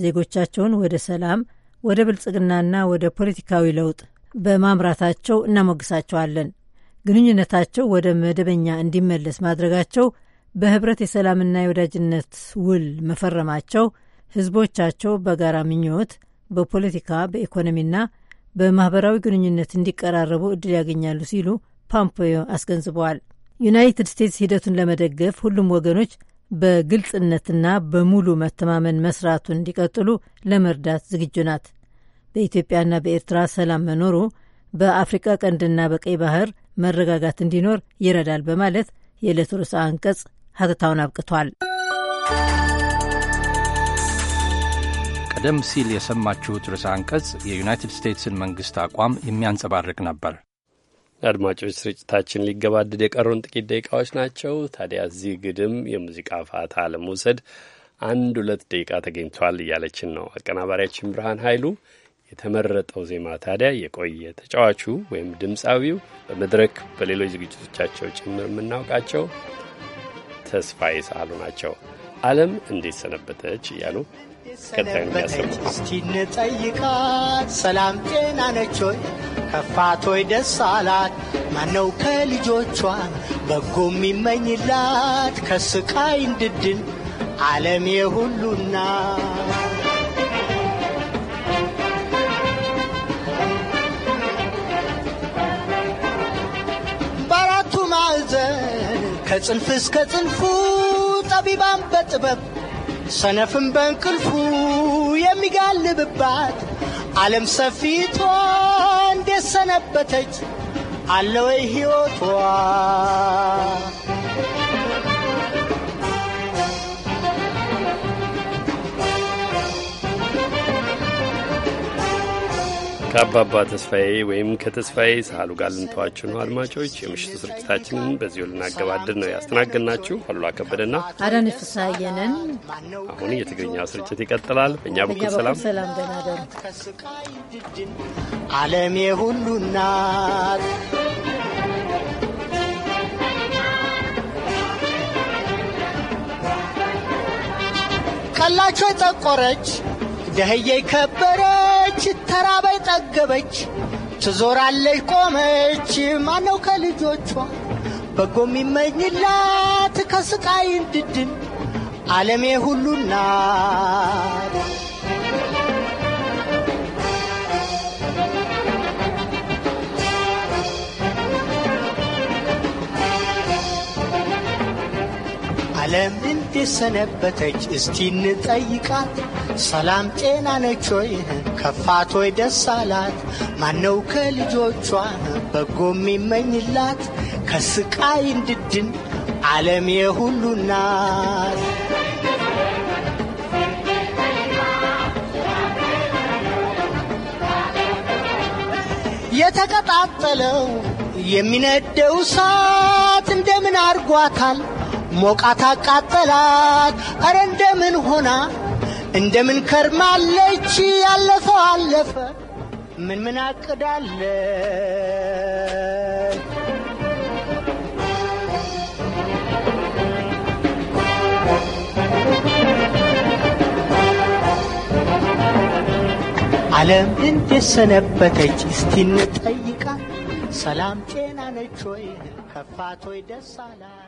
ዜጎቻቸውን ወደ ሰላም፣ ወደ ብልጽግናና ወደ ፖለቲካዊ ለውጥ በማምራታቸው እናሞግሳቸዋለን። ግንኙነታቸው ወደ መደበኛ እንዲመለስ ማድረጋቸው፣ በህብረት የሰላምና የወዳጅነት ውል መፈረማቸው፣ ህዝቦቻቸው በጋራ ምኞት በፖለቲካ በኢኮኖሚና በማህበራዊ ግንኙነት እንዲቀራረቡ እድል ያገኛሉ ሲሉ ፖምፔዮ አስገንዝበዋል። ዩናይትድ ስቴትስ ሂደቱን ለመደገፍ ሁሉም ወገኖች በግልጽነትና በሙሉ መተማመን መስራቱን እንዲቀጥሉ ለመርዳት ዝግጁ ናት። በኢትዮጵያና በኤርትራ ሰላም መኖሩ በአፍሪቃ ቀንድና በቀይ ባህር መረጋጋት እንዲኖር ይረዳል በማለት የዕለቱ ርዕሰ አንቀጽ ሀተታውን አብቅቷል። ቀደም ሲል የሰማችሁት ርዕሰ አንቀጽ የዩናይትድ ስቴትስን መንግሥት አቋም የሚያንጸባርቅ ነበር። አድማጮች ስርጭታችን ሊገባድድ የቀሩን ጥቂት ደቂቃዎች ናቸው። ታዲያ እዚህ ግድም የሙዚቃ ፋታ ለመውሰድ አንድ ሁለት ደቂቃ ተገኝቷል እያለችን ነው አቀናባሪያችን ብርሃን ኃይሉ። የተመረጠው ዜማ ታዲያ የቆየ ተጫዋቹ ወይም ድምፃዊው በመድረክ በሌሎች ዝግጅቶቻቸው ጭምር የምናውቃቸው ተስፋዬ ሳህሉ ናቸው። ዓለም እንዴት ሰነበተች እያሉ ቀጣዩ ያሰሙስቲንጠይቃት ሰላም ጤና ነች ሆይ ከፋት ሆይ ደስ አላት ማነው ከልጆቿ በጎ የሚመኝላት ከስቃይ እንድድን ዓለም የሁሉና በአራቱ ማዕዘን ከጽንፍ እስከ ጽንፉ ጠቢባን በጥበብ سنفن بنكلفو يمقلب بعد عالم سفيت وعند السنة بتج على ويهي وطوان ከአባባ ተስፋዬ ወይም ከተስፋዬ ሳህሉ ጋር ልንተዋችሁ ነው። አድማጮች የምሽቱ ስርጭታችንን በዚሁ ልናገባድድ ነው። ያስተናገድናችሁ አሉ አከበደና አዳነች ፍስሐየንን። አሁን የትግርኛ ስርጭት ይቀጥላል። በእኛ በኩል ሰላም ሰላም፣ ደህና ደሩ። ዓለም የሁሉ ቀላቸው የጠቆረች ደህዬ ከበረች ተራበይ ጠገበች ትዞራለች ቆመች ማነው ከልጆቿ በጎ የሚመኝላት ከስቃይ እንድድን ዓለሜ ሁሉና ዓለም ሰነበተች እስቲ እንጠይቃት። ሰላም ጤና ነች ወይ? ከፋት ወይ ደስ አላት? ማነው ከልጆቿ በጎ የሚመኝላት? ከስቃይ እንድድን ዓለም የሁሉ ናት። የተቀጣጠለው የሚነደው እሳት እንደምን አድርጓታል? ሞቃት አቃጠላት። አረ እንደምን ሆና እንደምን ከርማለች? ያለፈው አለፈ ምን ምን አቅዳለ ዓለም እንደሰነበተች ሰነበተች? እስቲ እንጠይቃ ሰላም ጤና ነች ወይ? ከፋት ወይ ደስ አላ?